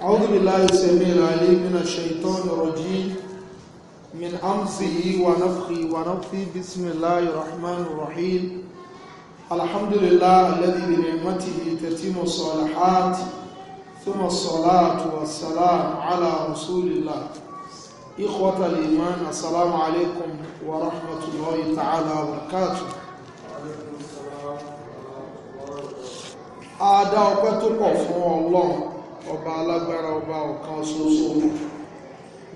أعوذ بالله السميع العليم من الشيطان الرجيم من أمسه ونفخه ونفخه بسم الله الرحمن الرحيم الحمد لله الذي بنعمته تتم الصالحات ثم الصلاة والسلام على رسول الله إخوة الإيمان السلام عليكم ورحمة الله تعالى وبركاته Adá ọpẹ́ tó pọ̀ fún Ọlọ́run ọba alágbára ọba ọ̀kan ṣoṣo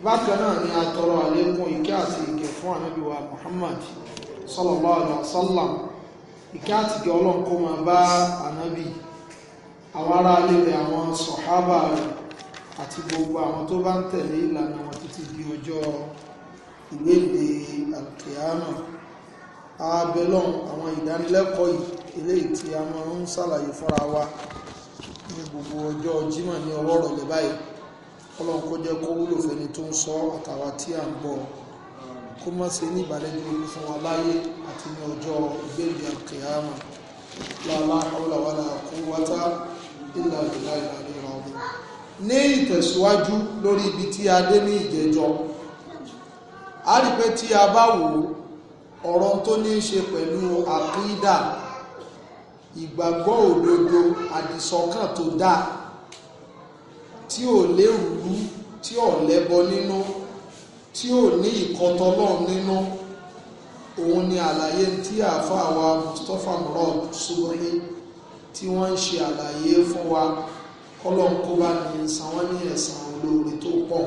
bákan náà ni a tọrọ àlékún ìkẹ́ àti ìkẹ́ fún ànábì wa Muhammad sallallahu alaihi wasallam ìkẹ́ àti ìkẹ́ Ọlọ́run kó máa bá ànábì àwọn ará ilé rẹ̀ àwọn sọ̀hábà rẹ̀ àti gbogbo àwọn tó bá ń tẹ̀lé ìlànà wọn títí di ọjọ́ ìlédè àkíyàmà abẹ́lọ́n àwọn ìdánilẹ́kọ̀ọ́ yìí eléyìí tí a máa ń ṣàlàyé fúnra wa ní gbogbo ọjọ́ Jímọ̀ ní ọwọ́ ìrọ̀lẹ́ báyìí Ọlọ́run kó jẹ́ kó wúlò fẹ́ni tó ń sọ àtàwa tí à ń bọ̀ kó má ṣe ní ìbàlẹ́jọ́ orí fún wa láyé àti ní ọjọ́ ìgbéǹde àkèyàmà lálá ọlọ́wọ́lá kó wátá ìlà ìlà ìlà ìlà ọmọ ní ìtẹ̀síwájú lórí ibi tí a dé ní ìjẹjọ́ a rí pé tí a bá wò ọ̀rọ̀ tó ní í ṣe pẹ̀lú àkídà ìgbàgbọ́ òdodo àdìsọ́kàn tó dáa tí ò lérúurú tí ò lẹ́bọ nínú tí ò ní ìkọtọlọ́ọ̀ nínú òun ni àlàyé tí àáfàá wa Mustapha Murad Subuhi tí wọ́n ń ṣe àlàyé fún wa kọ́lọ́n kó bá ní san wọ́n ní ẹ̀san olóore tó pọ̀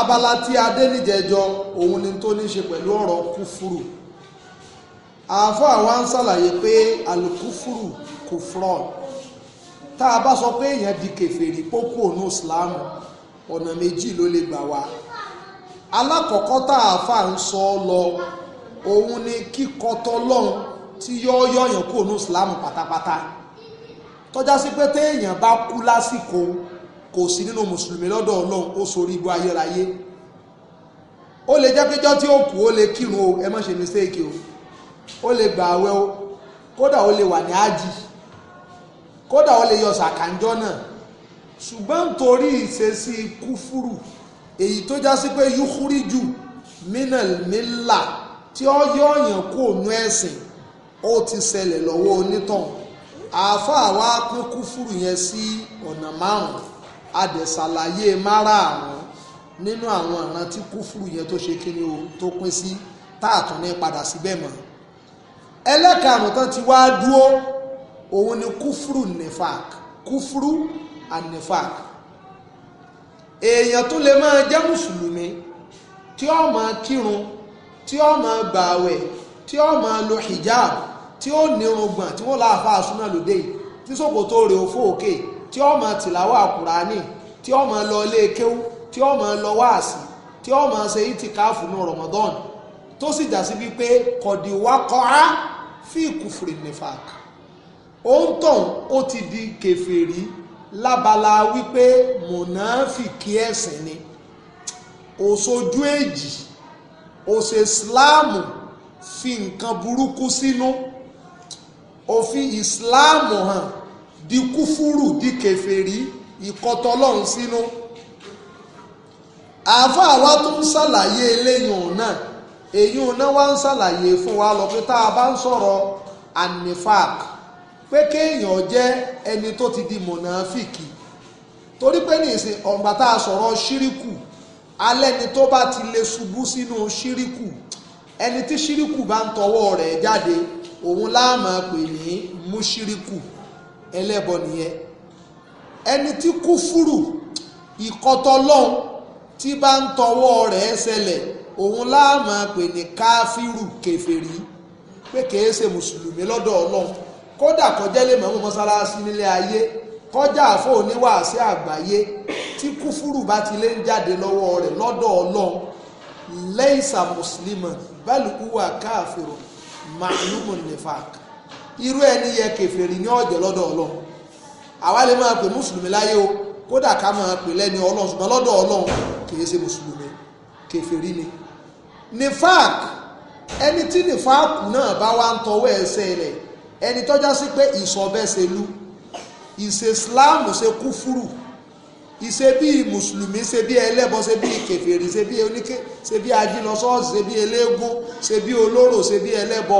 abala tí adé níjẹjọ òun ni tó ní ṣe pẹ̀lú ọ̀rọ̀ kúfúrú àáfàá wa ń ṣàlàyé pé alukufuru kò fraud tá a bá sọ pé èèyàn di kèfèrí pókú ònú islam ọ̀nà méjì ló lè gbà wá alákọ̀ọ́kọ́ tá àáfàá ń sọ ọ lọ òun ni kíkọ tọlọ́hun tí yọ́ yọ̀yàn kó ònú islam pátápátá tọ́já sí pé téèyàn bá kú lásìkò kò sí nínú mùsùlùmí lọ́dọ̀ ọlọ́run ó sorí ibú ayérayé ó lè jẹ́ péjọ́ tí ó kù ó lè kírun o ẹ má ṣe mistake o ó lè gbà àwẹ̀ o kódà ó lè wà ní ájì kódà ó lè yọ sàkànjọ́ náà ṣùgbọ́n nítorí ìṣesí kúfúrù èyí tó já sí pé yúkúrí jù mínàl mílà tí ó yọ̀ọ̀yàn kó nú ẹ̀sìn ó ti ṣẹlẹ̀ lọ́wọ́ onítàn àáfàá wa pín kúfúrù yẹn sí ọ̀nà márùn-ún adẹ̀sàlàyé márààrún nínú àwọn ìran kúfúrù yẹn tó ṣe kí ni o tó pín sí táàtún ní padà síbẹ̀ mọ́ ẹlẹ́karùn tán ti wá dúó òun ni kúfúrú nefak kúfúrú anefak èèyàn tó lè máa jẹ́ mùsùlùmí tí ó máa kírun tí ó máa gbààwẹ̀ tí ó máa lo hijab tí ó ní irùngbọ̀n tí wọ́n láàfà súná lóde yìí tí ṣòkòtò rẹ̀ ò fò òkè tí ó máa tìláwà kùránì tí ó máa lọ ilé kéwú tí ó máa lọ wáàsí tí ó máa ṣe ìtìkáàfù ní Ramadan tó sì jà sí wípé kọ̀díwá kọ́ra fi kùfùrì nìfàk òun tàn ó ti di kèfèrí lábala wípé mùnàfìkì ẹ̀sìn ni òṣojú èjì òṣè ìsìláàmù fi nǹkan burúkú sínú òfin ìsìláàmù hàn di kúfúrù di kèfèrí ìkọtọlọ́run sínú àáfàá wa tó ń ṣàlàyé eléyìí náà èyí ò náà wá ń ṣàlàyé fún wa lọ pé tá a bá ń sọ̀rọ̀ anifak pé kéèyàn jẹ́ ẹni tó ti di mọ̀nàfíkì torí pé ní ìsìn ọ̀gbà tá a sọ̀rọ̀ ṣíríkù alẹ́ ni tó bá ti lè ṣubú sínú ṣíríkù ẹni tí ṣíríkù bá ń tọwọ́ rẹ̀ jáde òun la pè ní múṣíríkù ẹlẹ́bọ nìyẹn ẹni tí kúfúrù ìkọtọlọ́hún tí bá ń tọwọ́ rẹ̀ ṣẹlẹ̀ òun láàmà pè ní káfíìrù kèfèrí pé kìí ṣe mùsùlùmí lọ́dọ̀ ọlọ́run kódà kọjá lè mọ̀ mọ́sálásí nílé ayé kọjá àfọ oníwàásí àgbáyé tí kúfúrù bá ti lè ń jáde lọ́wọ́ rẹ̀ lọ́dọ̀ ọlọ́run lẹ́yìnsà mùsùlùmí bẹ́ẹ̀lì kúwà káàfìrò màálùmù nìfàk irú ẹni yẹ kèfèrí ní ọ̀jẹ̀ lọ́dọ̀ ọlọ́run àwa lè máa pè mùsùlùmí láyé o kódà ká máa pè lẹ́ni ọlọ́run ṣùgbọ́n lọ́dọ̀ ọlọ́run kìí ṣe mùsùlùmí kèfèrí ni nifak ẹni tí nifak náà bá wá ń tọwọ́ ẹsẹ̀ rẹ̀ ẹni tọ́já sí pé ìsọ̀bẹ́sẹ̀lú ìṣe islam ṣe kúfúrú ìṣe bíi mùsùlùmí ṣe bíi ẹlẹ́bọ ṣe bíi kèfèrí ṣe bíi oníke ṣe bíi ajínlọ́sọ́ọ̀sì ṣe bíi eléégún ṣe bíi olóró ṣe bíi ẹlẹ́bọ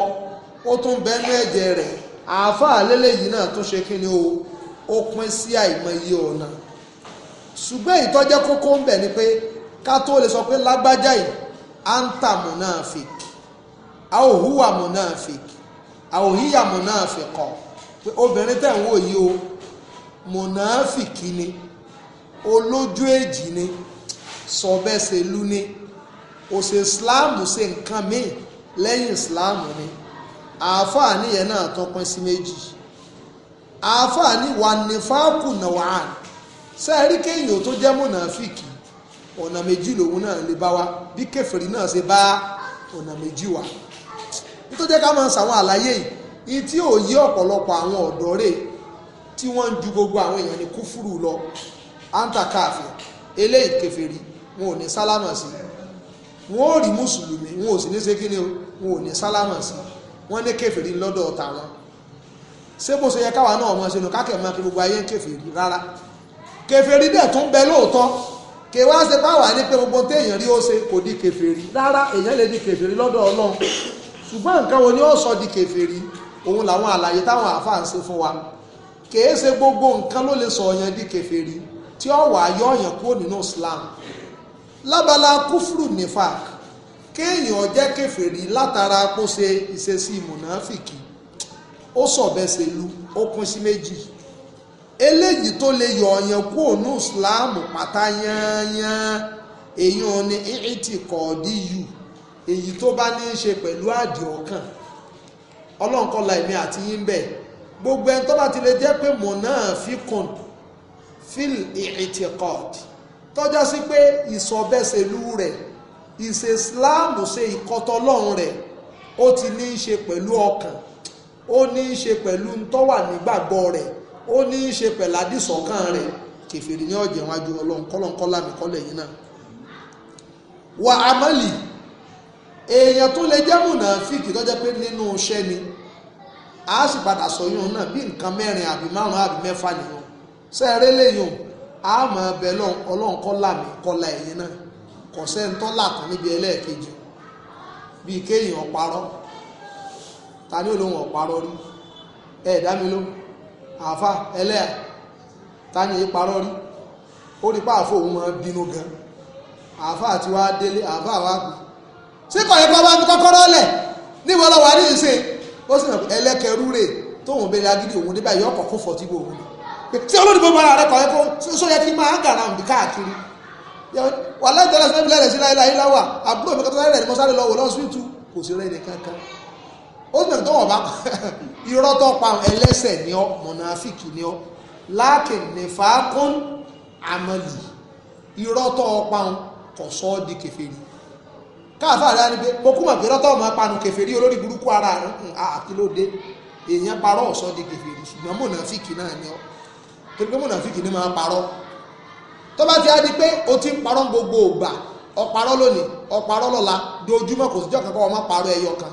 ó tún bẹ́nu ẹ̀jẹ̀ rẹ̀ àáfàá lélẹ́yìí náà tún ṣe kíni o ó pín sí àìmọye ọ̀nà ṣùgbọ́n ìtọ́jẹ́ kókó ń bẹ̀ ni pé ká tó lè sọ pé lágbájá yìí anta munafik aw huwa munafik aw hiya munafiqa pé obìnrin tẹ̀ ń wò yìí o munafiki ni olójú èjì ni sọ̀bẹ́sẹ̀lú ni òsè islam ṣe nǹkan míì lẹ́yìn islam ni àáfàá nìyẹn náà tán pín sí méjì àáfàá ní wà nífàákù náà wà á sẹ́ẹ̀rí kéèyàn tó jẹ́ munafiki ọ̀nà méjì lòun náà lè bá wa bí kèfèrí náà ṣe bá ọ̀nà méjì wa nítorí ká máa ṣàwọn àlàyé yìí tí ò yí ọ̀pọ̀lọpọ̀ àwọn ọ̀dọ́ rẹ̀ tí wọ́n ń ju gbogbo àwọn èèyàn ní kúfúrú lọ antakaafi eléyìí kèfèrí wọn ò ní sálámà sí wọn ò rí mùsùlùmí wọn ò sì ní ṣe kí ni wọn ò ní sálámà sí wọn ní kèfèrí lọ́dọ̀ ọ̀tá ṣé bó ṣe yẹ káwa náà ọmọ ṣe nù kákẹ́ máa kí gbogbo ayé ń rárá kèfèrí dẹ̀ tún bẹ lóòótọ́ kè wá ṣe bá ní pé gbogbo téèyàn rí ó ṣe kò di kèfèrí rárá èèyàn lè di kèfèrí lọ́dọ̀ ọlọ́run ṣùgbọ́n nǹkan wo ni ó sọ di kèfèrí òun làwọn àlàyé táwọn àáfàá ń ṣe fún wa kèé ṣe gbogbo nǹkan ló lè sọ ọ̀yàn di kèfèrí tí ó wà yọ kúrò nínú Islam lábala kéèyàn jẹ́ látara ìṣesí ó lu ó kún sí méjì eléyìí tó lè yọ ọ̀yàn kú ònú ìsìláàmù pátá yányán èyàn ni ìtì kọ̀ọ̀dí yù èyí tó bá ní í ṣe pẹ̀lú àdì ọkàn ọlọ́nkọ́lá èmi àti yín bẹ́ẹ̀ gbogbo ẹni tó bá ti lè jẹ́ pé mọ̀ náà fi kùn fíl ìtì kọ̀ọ̀dí tọ́já sí pé ìsọ̀bẹ́sẹ̀lú rẹ̀ ìṣe ìsìláàmù ṣe ìkọ́tọ́lọ́run rẹ̀ ó ti ní í ṣe pẹ̀lú ọkàn ó ní í ṣe pẹ̀lú ntọ́wà nígbàgbọ́ rẹ̀ ó ní í ṣe pẹ̀lú àdìsọ̀kan rẹ̀ kẹfìrì ní ọ̀jẹ̀ wájú ọlọ́run kọ́lọ́nkọ́lá mi kọ́lẹ̀ yìí náà wà ámàlì èèyàn tó lè jẹ́ mùnàfíìkì tó jẹ́ pé nínú iṣẹ́ ni a sì padà sọ yóò náà bí nǹkan mẹ́rin àbí márùn-ún àbí mẹ́fà nìyẹn sẹ́ẹ̀rẹ́ lẹ́yìn a mọ̀ ẹbẹ̀ ọlọ́run mi kọ́lá ẹ̀yìn náà kò sẹ́ńtọ́ làkàn níbi ẹlẹ́ẹ̀kejì bíi ta ni olóhùn rí àfa ẹlẹ́à táyà yìí parọ́ rí ó rí páàfó òun máa bínú gan àfa àti wá délé àfa àwa kù ṣé kọ̀ yẹn kọ́ bá fi kọ́kọ́rọ́ lẹ̀ níbo lọ wà ní ìsìn ó sì hàn ẹlẹ́kẹ̀rú rè tóun bẹ̀rẹ̀ agídí òun débà yọ ọkọ̀ fún fọ́tí gbòòrò tí olódìbò bára rẹ kọ̀ yẹ kó sọ yẹ kí máa gàrà òǹdí káàkiri wàhálà ìtọ́lá sí mẹ́bìlẹ̀ rẹ̀ sí láyé láyé láwà àbúrò mi kọ́tọ́ láyé rẹ̀ ni mo sáré lọ wò lọ́sibítù kò sí rẹ̀ nìkan kan ó dùn tó wọ́n bá irọ́ tó pa ẹlẹ́sẹ̀ ni ọ́ mọ̀nàfíkì ni ọ́ láàkìn nìfàákún àmọ̀lì irọ́ tó pa kò sọ di kèfèrí káàfáà rẹ̀ ni pé pokùmọ̀ pé irọ́ tó máa panu kèfèrí olórí burúkú ara àkìlóde èèyàn parọ́ ọ̀sọ́ di kèfèrí ṣùgbọ́n mọ̀nàfíkì náà ni ọ́ torí pé mọ̀nàfíkì ni máa parọ́ tó bá ti á di pé o ti ń parọ́ gbogbo ògbà ọ̀parọ́ lónìí ọ̀parọ́ lọ́la dojúmọ́ kò síjọ́ kankan ọmọ parọ́ ẹyọ kan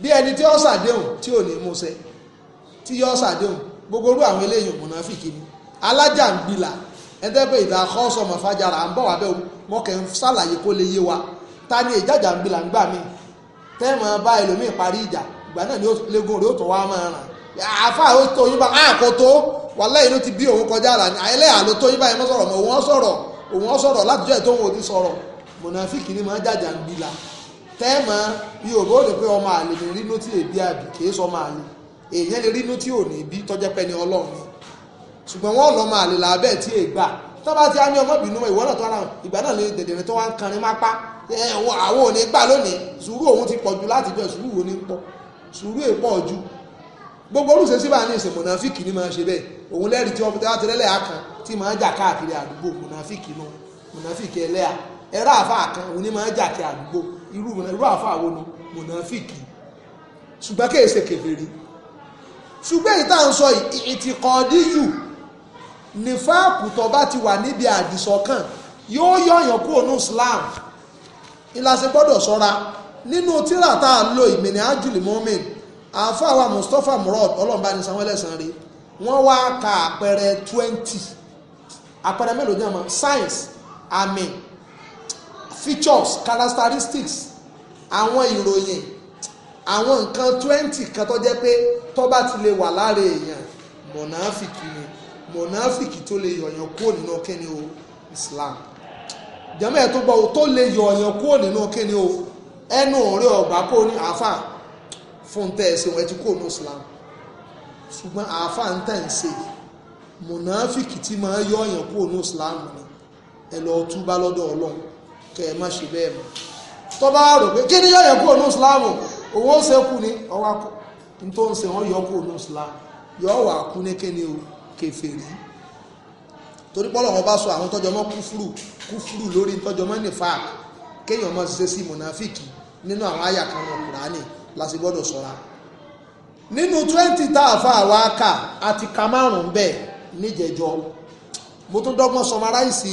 bí ẹni tí ó sàdéhùn tí ò ní mú ṣẹ tí yó sàdéhùn gbogbo orú àwọn eléyìí mùnáfìkì ni alájà ń gbilà pé ìdá kọ́ sọmọ ń bọ̀ kó lè wa ta ni ìjàjà ń gbilà ń gbà mí bá ẹlòmíì parí ìjà ìgbà náà ni rẹ̀ ó wá máa ràn àfa ó tó yín bá ti bí òun kọjá rà ní ẹlẹ́yà ló tó yín mọ́ sọ̀rọ̀ mọ́ òun sọ̀rọ̀ òun sọ̀rọ̀ látijọ́ ẹ̀ tó ti sọ̀rọ̀ ni tẹ́ẹ̀mọ́ yorùbá ò lè pé ọmọ àlè ní rínú tí èbí àbí kìí sọ ọmọ àlè èèyàn lè rínú tí ò ní bí tọ́jẹ́ pẹ́ ni ọlọ́run ni ṣùgbọ́n wọ́n lọ ọmọ àlè làbẹ́ tí ègbà tó bá ti á ní ọmọbìnrin mọ ìwọ náà tó ara ìgbà náà lè dẹ̀dẹ̀rẹ̀ tó wá ń kanrin má pa àwọn ò ní gbà lónìí sùúrù òun ti pọ̀ ju láti bẹ̀ sùúrù òun ní pọ̀ sùúrù èpọ̀ ju gbogbo olùsẹ̀ síbà ní ìsìn mọ̀nàfíìkì ni máa ṣe bẹ́ẹ̀ òun lẹ́rìí tí ọmọ tẹ́lá tẹ́lẹ̀ àkàn tí máa jà káàkiri àdúgbò mọ̀nàfíìkì náà mọ̀nàfíìkì ẹlẹ́à ẹ̀rọ àfa àkàn òun ni máa jà kí àdúgbò irú irú àfáà wo nu mùnàfíkì ṣùgbọ́n kí èsè kèfèrí ṣùgbọ́n èyí tá à ń sọ ìtìkọ́ọ́dí yù ní fáàkù tó bá ti wà níbi àdìsọ́kàn yóò yọ̀yàn kúrò ní Islam ìlàsẹ̀ gbọ́dọ̀ sọ́ra nínú tíra tá a lo ìmìnira ajuli mohamed àáfàá Mustapha Murad ọlọ́mọba ní sanwó ẹlẹ́sàn rí wọ́n wá ka àpẹẹrẹ twenty àpẹẹrẹ mélòó ní àmọ́ science àmín features characteristics àwọn ìròyìn àwọn nǹkan twenty kan tó jẹ́ pé tó bá ti lè wà lára èèyàn mọ̀nàfìkì ni mọ̀nàfìkì tó lè yọ̀yàn kúrò nínú kíni o Islam jẹ́mọ́ ẹ̀ tó gbọ́ tó lè yọ̀yàn kúrò nínú kíni o ẹnu ọ̀rẹ́ ọ̀gbà kó ní àáfà fún tẹ́ ẹ ṣe wọ́n ti kúrò nínú Islam ṣùgbọ́n àáfà ń tẹ̀ ń ṣe mọ̀nàfìkì tí máa yọ̀yàn kúrò nínú Islam ni ẹ lọ́ọ́ túbá lọ́dọ̀ Ọlọ́run kẹ́ ẹ má ṣe bẹ́ẹ̀ mọ́ tó bá rò pé kí ni yóò yẹ kúrò ní ìsìláàmù òun ó ṣe kú ni ọwọ́ akọ ní tó ń ṣe wọ́n yọ kúrò ní ìsìláàmù yọ wà kú ní kí ni o kèfèrí torí pọ́lọ̀ wọn bá sọ àwọn tọ́jọ́ mọ́ kúfúrù kúfúrù lórí tọ́jọ́ mọ́ nífà kéèyàn mọ́ ṣiṣẹ́ sí mọ̀nàfíìkì nínú àwọn àyà kan wọn kùránì láti gbọ́dọ̀ sọ́ra nínú twenty tá a fa àwa kà àti ka márùn-ún bẹ́ẹ̀ níjẹ̀jọ́ mo tún dọ́gbọ́n sọmaráìsì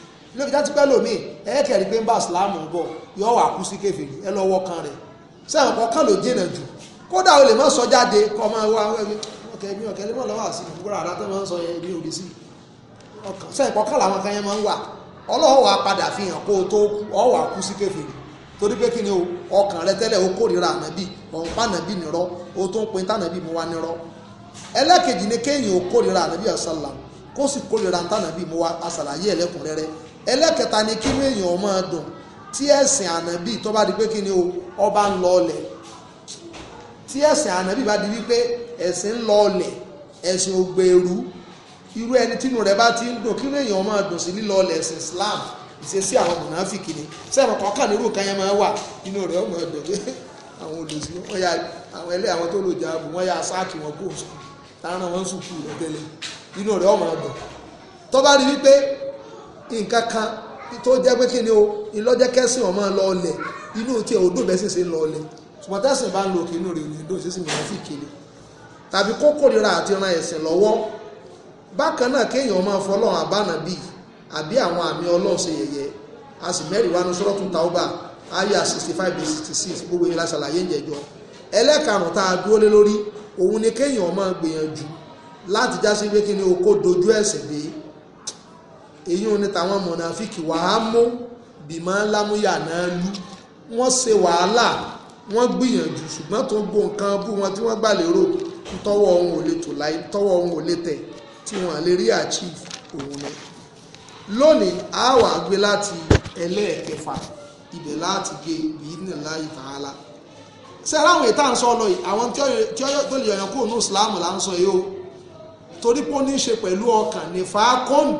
n'oge fi dájú pẹ́ lómi ẹ̀ẹ́kẹ̀rí pé ń bá ìsìláàmù ń bọ̀ yọ wà kú sí ẹ kan rẹ̀ sẹ́wọ̀n kan ló jìnà jù kódà o lè má sọ jáde kọ́ máa wá ọkẹ́ mi ọkẹ́ lè mọ̀ lọ́wọ́ àti tó máa ń sọ yẹn mi ò lè sí ọkàn sẹ́wọ̀n kan yẹn máa ń wà ọlọ́wọ́ wa padà fi hàn kó o tó ọ wà kú sí torí pé ọkàn rẹ tẹ́lẹ̀ o kórìíra ẹlẹ́kẹta ni kí inú èèyàn máa dùn tí ẹ̀sìn ànábì tó bá di pé kí ni o ọba ń lọ ọlẹ̀ tí ẹ̀sìn ànábì bá di wípé ẹ̀sìn ń lọ ọlẹ̀ ẹ̀sìn ògbèrú irú ẹni tínú rẹ̀ bá ti ń dùn kí èèyàn máa dùn sí lílọ ẹ̀sìn Islam ìṣesí àwọn mùnàfíkì ni sẹ́wọ̀n kọ́kàn nírú kan yẹn máa wà inú rẹ̀ ọmọ ẹ̀dọ̀ pé àwọn olùsí wọ́n ya àwọn ẹlẹ́ àwọn tó lò jáàbù wọ́n ya sáàkì wọn kó sùn tààrà wọn sùn kú ìrọ̀tẹ́lẹ̀ inú rẹ̀ ọmọ ẹ̀dọ̀ tó bá rí wípé nǹkan kan tó jẹ́ pé kí ni o ìlọ́jẹ́ kẹ́sìn ọmọ lọ ọlẹ̀ inú tí ò dùn bẹ́ẹ̀ sì ṣe ń lọ ọlẹ̀ ṣùgbọ́n tẹ́sìn bá ń lo òkè inú rẹ̀ ní ìdó ìṣesí mìíràn sì kéde tàbí kó kórìíra àti ran ẹ̀sìn lọ́wọ́ bákan náà kéèyàn máa fọlọ́run àbánà bíi àbí àwọn àmì ọlọ́run ṣe yẹ̀yẹ́ a sì mẹ́rin wá sọ́rọ́tún taoba aya sixty five to sixty six gbogbo yẹn la ṣàlàyé ìjẹ́jọ́ ẹlẹ́karùn-ún tá a dúró lé lórí òun ni kéèyàn máa gbìyànjú láti jásí pé kí ni o kó dojú ẹ̀sìn dé èyí ò ní tàwọn mọ̀nàfíkì wàá mú bìmọ̀ lámúyà náà lú wọ́n ṣe wàhálà wọ́n gbìyànjú ṣùgbọ́n tó gbó nǹkan bú wọn tí wọ́n gbà lérò tọwọ́ ohun ò lè tò láì tọwọ́ ohun ò lè tẹ̀ tí wọ́n lè rí achieve òun ni. lónìí a wà gbé láti ẹlẹ́ẹ̀kẹfà ibẹ̀ láti gbé bìínì láì tààlà. ṣé aláwọ̀ ètò à ń sọ ọ lọ yìí àwọn tí ó tó lè yọ̀yàn kúrò ní ìsìláàmù là ń sọ yìí o torí pé ó ní í ṣe pẹ̀lú ọkàn ní fàákọ́ọ̀nù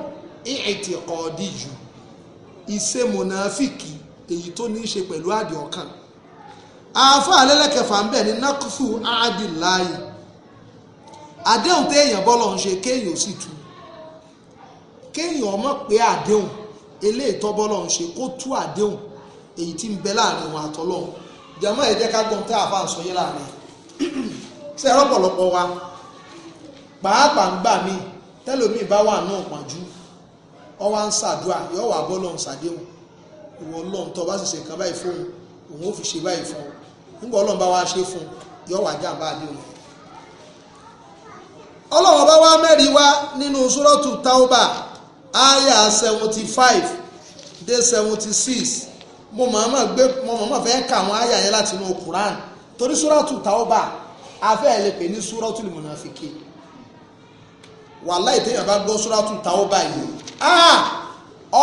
ìtìkọ̀ọ́dì yù ìṣe mọ̀nàfíkì èyí tó ní í ṣe pẹ̀lú àdì ọ̀kan àáfà alẹ́lẹ́kẹfà ń bẹ̀ ní nákùfù àádìláyì àdéhùn téèyàn bọ́lọ̀ ń ṣe kéèyàn sì tú kéèyàn ọmọ pé àdéhùn eléyìí tó bọ́lọ̀ ń ṣe kó tú àdéhùn èyí tí ń bẹ láàrin wọn àtọ́lọ́hún jàmọ́ ẹ jẹ́ ká gbọ́n tá àáfà sọ láàrin ṣe rọ́pọ̀lọpọ̀ wa pàápàá ń gbà mí tẹ́lómi bá wà náà pàjù ọwọ́ à ń ṣàdúrà yọ wà bọ́ lọ́hùn ṣàdéhùn ìwọ ọlọ́run tó bá sì ṣe nǹkan báyìí fóun òun ò fi ṣe báyìí fún un nígbà ọlọ́run bá wá ṣe fún un yọ wà jàǹbá àdéhùn rẹ̀ ọlọ́run bá wá mẹ́rin wá nínú sùrọ́tù tauba aya seventy five dé seventy six mo màmá gbé mo màmá fẹ́ ka àwọn aya yẹn láti inú Quran torí sùrọ́tù tauba afẹ́ ẹ̀ lè pè ní sùrọ́tù lùmọ̀nàfíkì wàláì téèyàn bá gbọ́ sùrọ́tù tauba yìí Ah,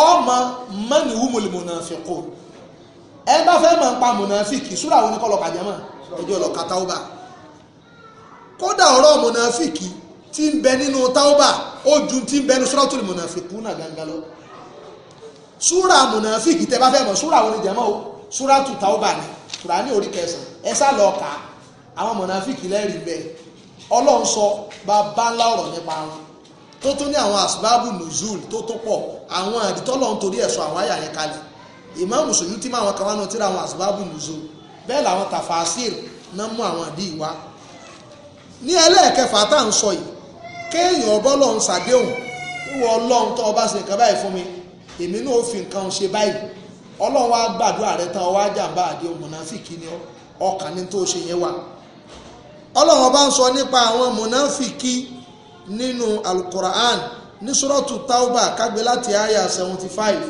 ọmọ mọ́ni wúmọ̀lì mọ̀nàfíkù ẹ bá fẹ́ mọ̀ nípa mọ̀nàfíkì súrà àwọn oníkọ́ lọ́ka jẹ́mọ̀ ẹjọ́ lọ́ka táwọ́bà kódà ọ̀rọ̀ mọ̀nàfíkì tí ń bẹ nínú táwọ́bà ó ju tí ń bẹ nínú suratul mọ̀nàfíkù náà gangan lọ súrà mọ̀nàfíkì tẹ bá fẹ́ mọ̀ súrà àwọn oníjẹ́mọ̀ o súrà tù táwọ́bà ni kùránì orí kẹsàn-án ẹ sá lọ́ọ̀ka àwọn mọ̀nàfíkì lẹ́rìí bẹ́ẹ̀ ọlọ́run sọ bá bá ńlá ọ̀rọ̀ nípa wọn tó tún ní àwọn asbabu nuzul tó tó pọ̀ àwọn àdìtọ́lọ̀ ń torí ẹ̀sọ́ àwọn àyà yẹn kalẹ̀ Imam Suyuti máa wọn kan wá náà tíra àwọn asbabu nuzul bẹ́ẹ̀ làwọn tafasir náà mú àwọn àdí ìwá ní ẹlẹ́ẹ̀kẹfà tá à ń sọ yìí kéèyàn ọbọ́lọ̀ ń ṣàdéhùn wíwọ ọlọ́run tó ọba ṣe nǹkan báyìí fún mi èmi náà ó fi nǹkan ṣe báyìí ọlọ́run wá gbàdúrà rẹ tán ọwọ́ àjàmbá àdéhùn mọ̀nàfíkì ni ọkàn ní tó ṣe yẹn wà ọlọ́run ọba ń sọ nípa àwọn mọ̀nàfíkì nínú alukuraan ní sọ́rọ́tù tauba kágbé láti aya seventy five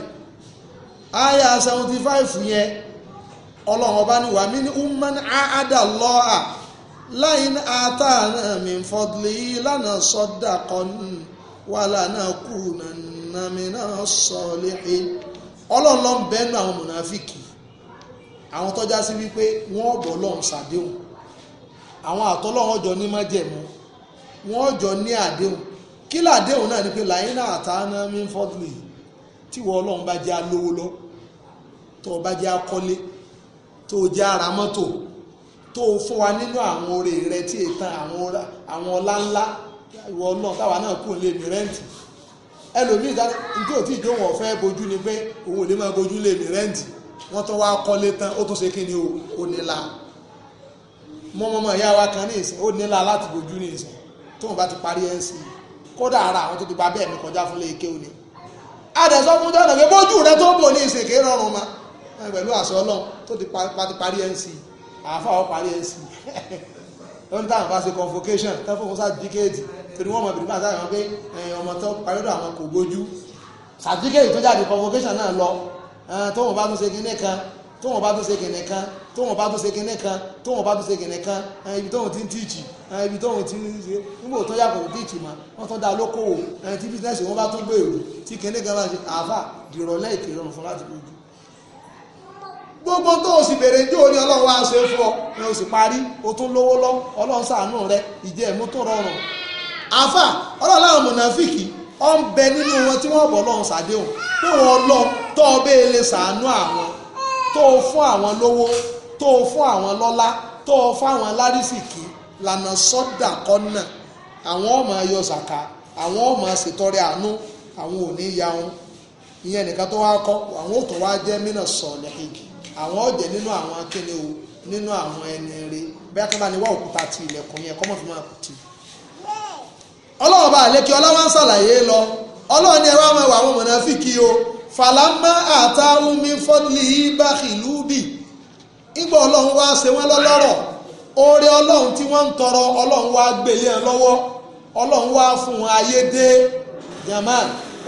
aya seventy five yẹn ọlọ́run ọba ní wàmí ní umman aada lọ́ọ̀à láyìn àtàrà mi fọdùlì lánà sọ́dà kan wà lánà kù nàmínà sọ̀lẹ́hìn ọlọ́run ló ń bẹ́nu àwọn mọ̀nàfíkì àwọn tọ́já sí wípé wọ́n bọ̀ lọ́hùn sàdéhùn àwọn àtọ́lọ́hùn ọjọ́ ní májẹ̀mú wọ́n jọ ní àdéhùn kí làdéhùn náà ni pé làyín náà àtàánà mi ń fọ́dúlì tí wọ́n ọlọ́run bá jẹ́ alówó lọ tó o bá jẹ́ akọ́lé tó o jẹ́ ara mọ́tò tó o fún wa nínú àwọn oore rẹ tí ètàn àwọn ọlá ńlá ìwọ ọlọ́run táwa náà kò lè mi rẹ́ǹtì ẹlòmíì dá nítorí òtí ìdóhùn ọ̀fẹ́ bojú ni pé òun ò lè máa bojú lè mi rẹ́ǹtì wọ́n tún wá kọ́lé tán ó tún ṣe kí ni o ò nílà mọ́mọ́mọ́ ìyá wa kan ní ìsìn ó nílà láti bojú ní ìsìn tóun bá ti parí nc kódà ara àwọn tó ti gba bẹ́ẹ̀ mi kọjá fún léèké òní adẹ̀sọ́ fún jọ́nà pé bójú rẹ tó bò ní ìsìnkè rọrùn ma pẹ̀lú àṣọ ọlọ́run tó ti parí nc àáfà ọ parí nc lọ́nà táwọn bá ṣe convocation tó fún sàdíkéètì torí wọ́n mọ̀ bìrì máa sáyẹn pé ọmọ tó parí ọ̀dọ̀ àwọn kò gbójú sàdíkéètì tó jáde convocation náà lọ tóun bá tún ṣe kinní kan tó wọn bá tún ṣe kìnìún kan tó wọn bá tún ṣe kìnìún kan tó wọn bá tún ṣe kìnìún kan ibi tóun ti ń tíìchì ibi tóun ti ń ṣe nígbà tó yàgò tíìchì mọ wọn tún dá lókòwò tí bísíǹsì wọn bá tún gbé èrò tí kìnìún kan máa ṣe àáfà dìrọ̀lẹ́ ìkìrọ̀rùn fún láti gbójú. gbogbo tó o sì bèrè jó ní ọlọ́run wá ṣe fún ọ ni o sì parí o tún lówó lọ ọlọ́run ṣàánú rẹ ìjẹ́ ẹ̀mú tó rọrùn. àáfà ọlọ́run mọ̀nàfíìkì ọ ń bẹ nínú wọn tí wọ́n bọ̀ lọ́run ṣàdéhùn pé wọn lọ tọ́ ọ bẹ́ẹ̀ lè ṣàánú àwọn tó o fún àwọn lówó tó o fún àwọn lọ́lá tó o fún àwọn lárísìkí lànà sọ́dà kọ́nà àwọn ọmọ ayọ̀ sàkà àwọn ọmọ ṣètọrẹ àánú àwọn ò ní ya wọn ìyẹn nìkan tó wá kọ́ àwọn ò tó wá jẹ́ mínà sọ̀lẹ̀ èjì àwọn ọ̀jẹ̀ o nínú àwọn ẹni rẹ bẹ́ẹ̀ bá ti ilẹ̀kùn yẹn kọ́mọ̀ fi máa kù tì. bá ọlọ́wọ́ ń ṣàlàyé lọ ni ẹ o Falama ata mi fọ́dúlì yìí bá ìlú bì ìgbà ọlọ́run wá ṣe wọ́n lọ́lọ́rọ̀ oore ọlọ́run tí wọ́n ń tọrọ ọlọ́run wá gbélé ẹ lọ́wọ́ ọlọ́run wá fún wọn ayé dé yàmá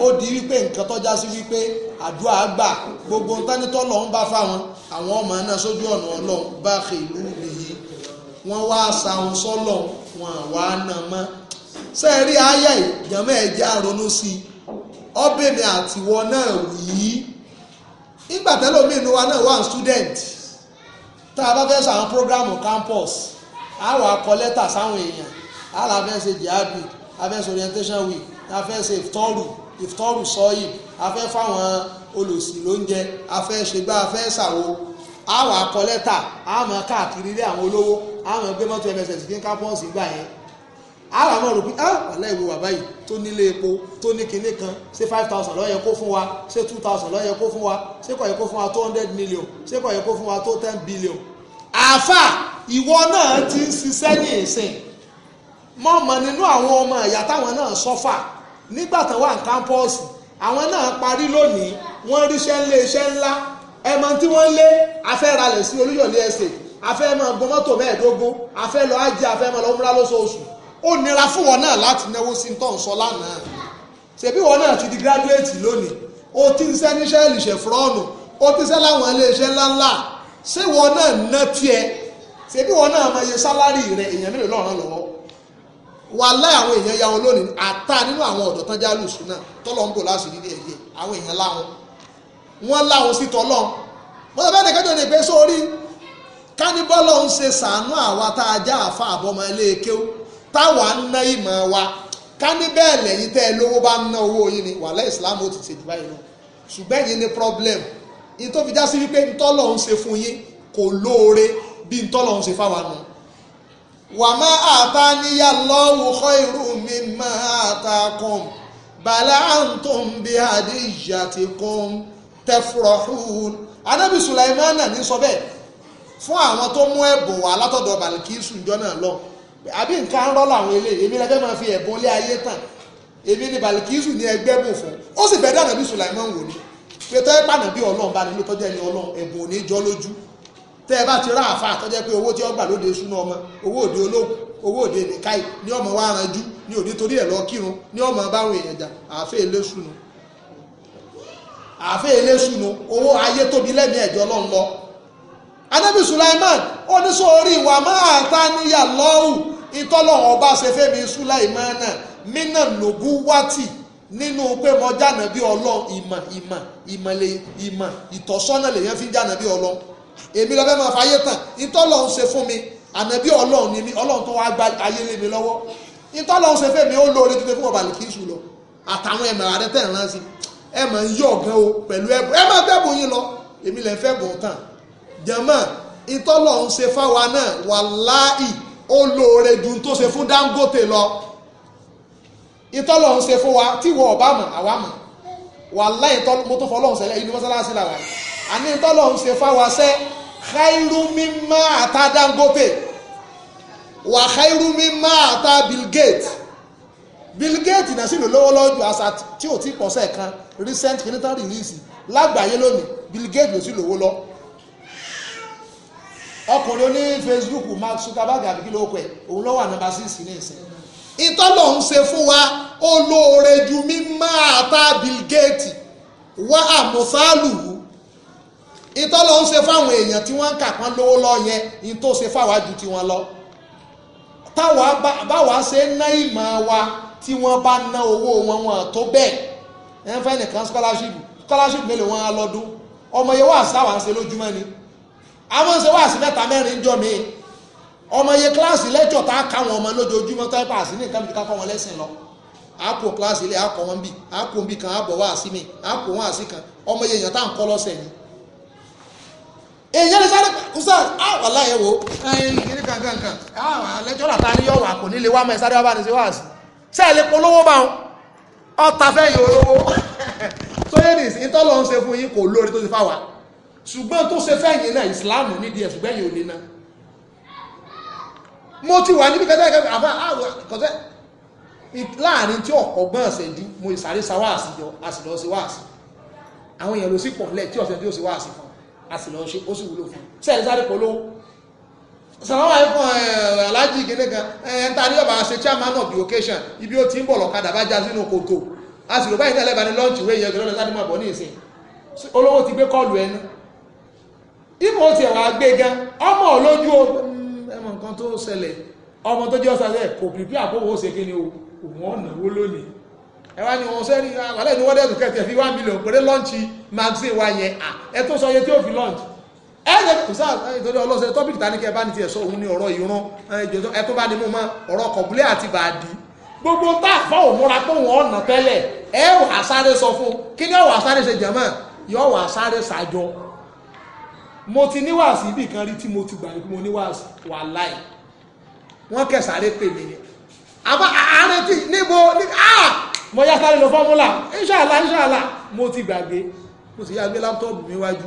ó di wípé nǹkan tọ́já sí wípé àdúrà gbà gbogbo ntánitọ́ lọ́n bá fáwọn àwọn ọmọ náà sójú ọ̀nà ọlọ́run bá ìlú nìyí wọ́n wá sàwọn sọ́lọ̀ wọn àwa náà mọ́ sẹ́ẹ̀rí ayé ìjàmọ́ ẹ̀já ronú sí i ọbẹ̀mi àtiwọ náà wí nígbà tẹ́lẹ̀ omi inú wa náà wà ń student tá a bá fẹ́ sàwọn programu campus a wà kọ lẹ́tà sáwọn èèyàn a là fẹ́ ṣe jihadi a fẹ́ ṣe orientation week a fẹ́ ṣe ìfitọ́rù ìfitọ́rù sọ́yìn a fẹ́ fáwọn olùsìn lóúnjẹ a fẹ́ ṣègbà a fẹ́ ṣàwo a wà kọ lẹ́tà a mọ̀ káàkiri lé àwọn olówó a mọ̀ gbé mọ́tò mss kí n campus. gbà yẹn àwọn àmọ́ rò pé ah wàhálà ìwé wà báyìí tó nílé epo tó ní kinní kan ṣé five thousand ló yẹ kó fún wa ṣé two thousand ló yẹ kó fún wa ṣé kò yẹ kó fún wa two hundred million ṣé kò yẹ kó fún wa tó ten billion. àáfà ìwọ náà ti ń ṣiṣẹ́ ní ìsìn mọ́mọ́ nínú àwọn ọmọ ìyá táwọn náà sọ́fà nígbà tán wà ní kámpọ́ọ̀sì àwọn náà parí lónìí wọ́n ríṣẹ́ ńlé iṣẹ́ ńlá ẹ̀mọ tí wọ́n lé afẹ́ralẹ̀ sí olúyọ̀lé ẹ̀sẹ̀ afẹ́ máa gbọ́ mọ́tò mẹ́ẹ̀ẹ́dógún afẹ́ lọ ájẹ́ afẹ́ máa lọ múra lóṣooṣù ó nira fún wọn náà láti náwó sí tó ń sọ lánàá ṣèbí wọn náà ti di gírádùétì lónìí ó ti ń ṣẹ́ níṣẹ́ ìlìṣẹ̀fúrọ́ọ̀nù ó ti ń ṣẹ́ láwọn iléeṣẹ́ ńláńlá ṣé wọn náà ná tiẹ̀ ṣèbí wọn náà máa yẹ sálárì rẹ èèyàn mélòó lọ́ràn lọ́wọ́ wàhálà àwọn èèyàn ya wọn lónìí àtà nínú àwọn ọ̀dọ́ tán jálù sùnà tọ́lọ̀ ń bò láti rí ẹ̀yẹ àwọn èèyàn láwọn wọn láwọn sí tọ́lọ̀ wọn lọ bẹ́ẹ̀ nìkan tó ní pé sórí kánibọ́lọ̀ ń ṣe sàánú àwa tá a já àfa àbọ̀mọ́ ilé kéwú táwa ń ná ìmọ̀ wa ká ní bẹ́ẹ̀ lẹ́yìn tẹ́ ẹ lówó bá ń ná owó yìí ni wàhálà ìsìlámù ó ti ṣèjú báyìí lọ ṣùgbọ́n ẹ̀yin ní problem ní tó fi já sí wípé ntọ́lọ̀ ń ṣe fún yín kò lóore bí ntọ́lọ̀ ń ṣe fáwọn nù. wàmọ́ àtà níyà lọ́wọ́ kọ́ irú mi máa àtàkùn bàlẹ́ àǹtọ̀n bí adé ìyàtìkùn tẹ́fúrọ̀hún. anábì sùlàìmánà ní sọ bẹ́ẹ̀ fún àwọn tó mú ẹ̀bùn wá látọ̀dọ̀ bàlìkísù ìjọ náà lọ́wọ́ àbí nǹkan rọ́ làwọn eléyìí èmi lẹ́fẹ́ máa fi ẹ̀bùn lé ayé tàn èmi ni balikisu ní ẹgbẹ́ bò fún ó sì bẹ́ẹ̀ dànàbí Sulaiman wò ni pé tọ́ ẹ pànà bí ọlọ́run bá ní ló tọ́jú ẹni ọlọ́run ẹ̀bùn ò ní jọ lójú tẹ́ ẹ bá ti rá àfa àtọ́jẹ́ pé owó tí ó gbà lóde súná ọmọ owó òde olóògùn owó òde nìkáì ní ọmọ wa ranjú ní òní torí ẹ̀ lọ kírun ní ọmọ báwọn èèyàn jà àáfẹ́ elésùnú àáfẹ́ elésùnú owó ayé tóbi lẹ́mìí ẹ̀jọ́ lọ́n lọ anabi sulaiman ó ní sórí ìwà máa ta níyà lọ́wù ìtọ́lọ́wọ́n ọba ṣe fẹ́mi sulaiman náà mínà lògú wátì nínú pé mo jáná bí ọlọ́ ìmọ̀ ìmọ̀ ìmọ̀lẹ̀ ìmọ̀ ìtọ́sọ́nà lèyàn fi jáná bí ọlọ́ èmi lọ́fẹ́ máa fàyè tán ìtọ́lọ́wọ́n ṣe fún mi ànàbí ọlọ́run ni mi ọlọ́run tó wá gba ayé lé mi lọ́wọ́ ìtọ́lọ́run ṣe fẹ́ mi ó lóore tuntun fún ọ̀bàlì kì í sùn lọ àtàwọn ẹ̀mọ̀ àrẹ tẹ̀ ń rán sí ẹ̀mọ̀ ń yọ̀ gan o pẹ̀lú ẹ̀bùn ẹ̀mọ̀ tẹ̀bùn yín lọ èmi lẹ́ fẹ́ bọ̀ tán jẹ̀mọ́ ìtọ́lọ̀ ń ṣe fáwa náà wàláì ó lóore ju tó ṣe fún Dangote lọ ìtọ́lọ̀ ń ṣe fún wa tí wọ́n ọ̀bá mọ̀ àwa mọ̀ wàláì mo tó fọlọ́hún sẹ́lẹ̀ inú mọ́sálásí làwà yìí àní ìtọ́lọ̀ ń ṣe fáwa sẹ́ xairumi máa ta Dangote wà xairumi máa ta Bill Gates Bill Gates náà sì lò lówó lọ́jọ́ àṣà tí ò tí pọ̀ sẹ́ẹ̀kan recent clinical release lágbàáyé lónìí Bill Gates ló sì lówó lọ́wọ́ ọkùnrin oní Facebook Mark Zuckerberg àbí kí ló kọ ẹ̀ òun ló wà nọ́mbà six ní ìsìn ìtọ́lọ̀ ń ṣe fún wa olóore ju mímọ́ àtà Bill Gates wá àmọ́sálù ìtọ́lọ̀ ń ṣe fáwọn èèyàn tí wọ́n ń kà pọ́n lówó lọ yẹn ní tó ṣe fáwa ju tiwọn lọ táwa báwa ṣe ń ná ìmọ̀ wa tí wọ́n bá ná owó wọn wọn tó bẹ́ẹ̀ ẹ̀ ń fẹ́ nìkan scholarship scholarship mélòó wọn á lọ́dún ọmọ yẹn wà sáwà ń ṣe lójúmọ́ ni àwọn ṣe wá sí mẹ́ta mẹ́rin jọ mi ọmọ iye kíláàsì lẹ́jọ́ tá a káwọn ọmọ lójoojúmọ́ tá a bá sí ní nǹkan bíi káfọ́ wọn lẹ́sìn lọ àpò kíláàsì ilé àkọ́ wọn bì àpò bì kan àbọ̀ wá sí mi àpò wọn àsì kan ọmọ iye èèyàn tá à ń kọ́ lọ́sẹ̀ ni. èèyàn lè sáré kùsà àwọn aláyẹ̀ wo kiri kankan kan àwọn lẹ́jọ́ làtà ni yọ̀ wà kò ní lè wá mọ́ ẹ sáré wá bá ní sí wá sí sẹ́ẹ̀ lè polówó bá wọn ọ̀tà fẹ́ yọ olówó tó yẹ nìsín tọ́lọ́ ń ṣe fún yín kò lórí ṣùgbọ́n tó ṣe fẹ́yìn náà ìsìláàmù nídìí ẹ̀ ṣùgbọ́n yìí ò ní náà mo ti wà níbi kẹtẹ́ kẹfẹ́ àfẹ́ àkọsẹ́ láàrin tí ọ̀pọ̀ gbọ́n ṣẹ̀dú mo ìsàrí sa wáàsì jọ a sì lọ sí wáàsì àwọn èèyàn a sì lọ ṣe ó sì wúlò fún sẹ́yìn sáré polówó sàlọ́wà ẹ̀fọn aláàjì gẹ́gẹ́ kan ẹ̀ẹ́n tàbí ọba ṣe chairman of the occasion ibi ó ti ń bọ̀ lọ́kadà bá já sínú kòtò a sì lọ báyìí tẹ́lẹ̀ bá ní lọ́ọ̀tì wéyẹ gẹ́gẹ́ lọ́dọ̀ sáré mọ̀ bọ́ ní ìsìn olówó ti gbé kọ́ọ̀lù ẹnu ìmọ̀ tí ẹ̀wà gbé gan ọmọ olójú ẹmọ nǹkan tó ṣẹlẹ̀ ọmọ tó jẹ́ ọ̀sàlẹ̀ kò pìpì àkówó ṣe kí ni òun ọ̀nàwó lónìí ẹwà ni wọn sẹ́ni àwàlẹ́ ni wọ́n dẹ̀ dùkẹ́ tẹ̀ fi one million péré lọ́ǹchì magazine wa yẹn à ah, ẹ tó sọ iye tí ó fi lọ́ǹchì ẹ ẹ kò sáà ìtọ́jú ọlọ́sẹ̀ tọ́pìkì ta ni kẹ́ bá ní tiẹ̀ sọ òun ni ọ̀rọ̀ ìran ẹ tó bá ní mú mọ́ ọ̀rọ̀ kọ̀bùlẹ̀ àti bàdí gbogbo tá a fọ́ òmúra pé òun ọ̀nà tẹ́lẹ̀ ẹ wà sáré sọ fún kí ni ọ̀wà sáré ṣe jẹ̀mọ́ yọ wà sáré ṣàjọ mo ti níwàásí ibì kan rí tí mo ti gbà wípé mo níwàásí wà láì wọ́n kẹsàáré pè mí ni àbá àárẹ̀ níbo ní àà mo yá sáré lọ fọ́múlà inṣàlá inṣàlá mo ti gbàgbé mo sì yá gbé láptọ́ọ̀bù mi wájú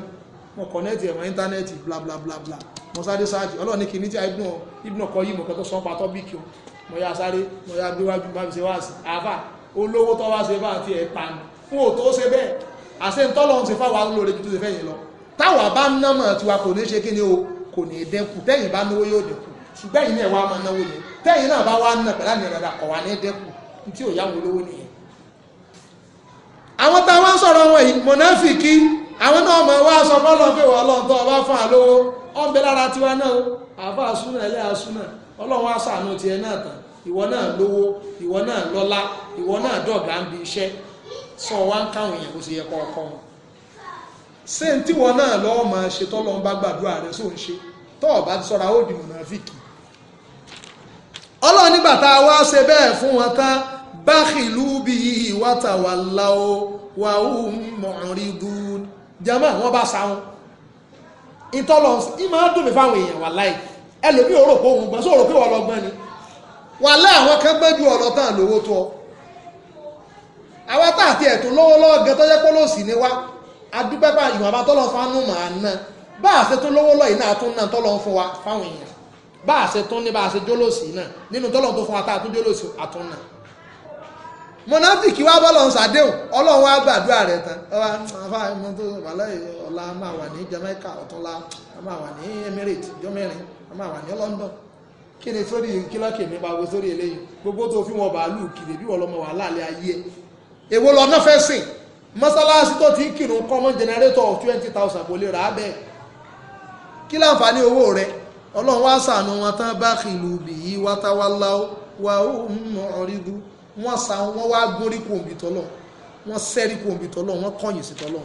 mo kọ̀nẹ́ẹ̀tì ẹ̀wọ̀n íńtánẹ́ẹ̀tì bla bla bla bla mo sáré sáájì ọlọ́run ní kìíní tí ibùnà ibùnà kọ yìí mo kẹ́ tó sọ́n pa tọ́bíkì o mo yá sáré mo yá gbé wájú bá mi ṣe wáàsì àbá olówó tó wá ṣe bá àti ẹ̀ pa mi fún òtó ṣe bẹ́ẹ̀ àṣẹ ń tọ́lọ́run ṣe fáwọn alólórí táwa bá ń námọ̀ tiwa kò ní ṣe kí ni o kò ní dẹ́kù tẹ́yìn bá náwó yóò dẹ́kù ṣùgbọ́n ẹ̀yin náà wá máa náwó yẹn tẹ́yìn náà bá wá ń nà pẹ̀lú àmì ìrọ̀dà kọ̀ wá ní dẹ́kù tí ò yá wọn lówó nìyẹn. àwọn táwa ń sọ̀rọ̀ wọn yìí mọ̀nàfìkì àwọn náà mọ̀ wá sọ fọ́lọ́ pé wọ́n lọ́n tó ọba fún àlówó ọ̀n bẹ lára tiwa náà àbá asúnà ẹlẹ́ asúnà ṣé n tíwọ náà lọ́wọ́ máa ṣe tọ́lọ́ ń bá gbàdúrà rẹ̀ sóun ṣe tọ́ ọ̀bá ti sọ́ra ó di mọ̀nàfíìkì ọlọ́run nígbà tá a wá ṣe bẹ́ẹ̀ fún wọn tán bákìlú bí ìwátàwàlá o wà ó mọ̀rin gùn jama wọn bá sáwọn intolerance ìmọ̀ á dùn mí fáwọn èèyàn wà láì ẹlòmíì ò rò pé òun gbọ́n sí pé wọ́n lọ gbọ́n ni wà láì kan gbẹ́ ju ọ̀rọ̀ tán lówó tó ọ àwa tá àti ẹ̀tún lọ́wọ́lọ́wọ́ gan ni wá adúpẹ́pà ìwọ̀nba tọ́lọ́ fún anú màá ná bá a ṣe tún lówó lọ́yìn náà tún náà tọ́lọ́ fún wa fáwọn èèyàn bá a ṣe tún ní bá a ṣe jólóòsì náà nínú tọ́lọ́ tó fún wa tá a tún jólóòsì àtún náà mọ̀nàfíkì wá bọ́lọ̀ ń sàdéhùn ọlọ́run wá gbàdúrà rẹ̀ tán ọba àfa ẹ̀mọ tó wàlẹ́ ọ̀la máa wà ní Jamaica ọ̀túnla máa wà ní Emirates jọmẹrin máa wà ní London kí ni sórí kílọ́kì mi pàgọ́ sórí eléyìí gbogbo tó fi wọn bàálù kiri bí wọn lọ́mọ wà láàlẹ́ ayé ẹ̀ èwo lọ́nà fẹ́ sìn mọ́sálásí tó ti ń kírun common generator of twenty thousand kò lè rà á bẹ́ẹ̀ kí láǹfààní owó rẹ̀ ọlọ́run wá sànù wọn tán bá kìlù bìí wátawálá wa ó mú ọ̀rídú wọ́n sa wọ́n wá gúnrí kòǹbì tọ́lọ̀ wọ́n sẹ́rí kòǹbì tọ́lọ̀ wọ́n kọ̀yìn sí tọ́lọ̀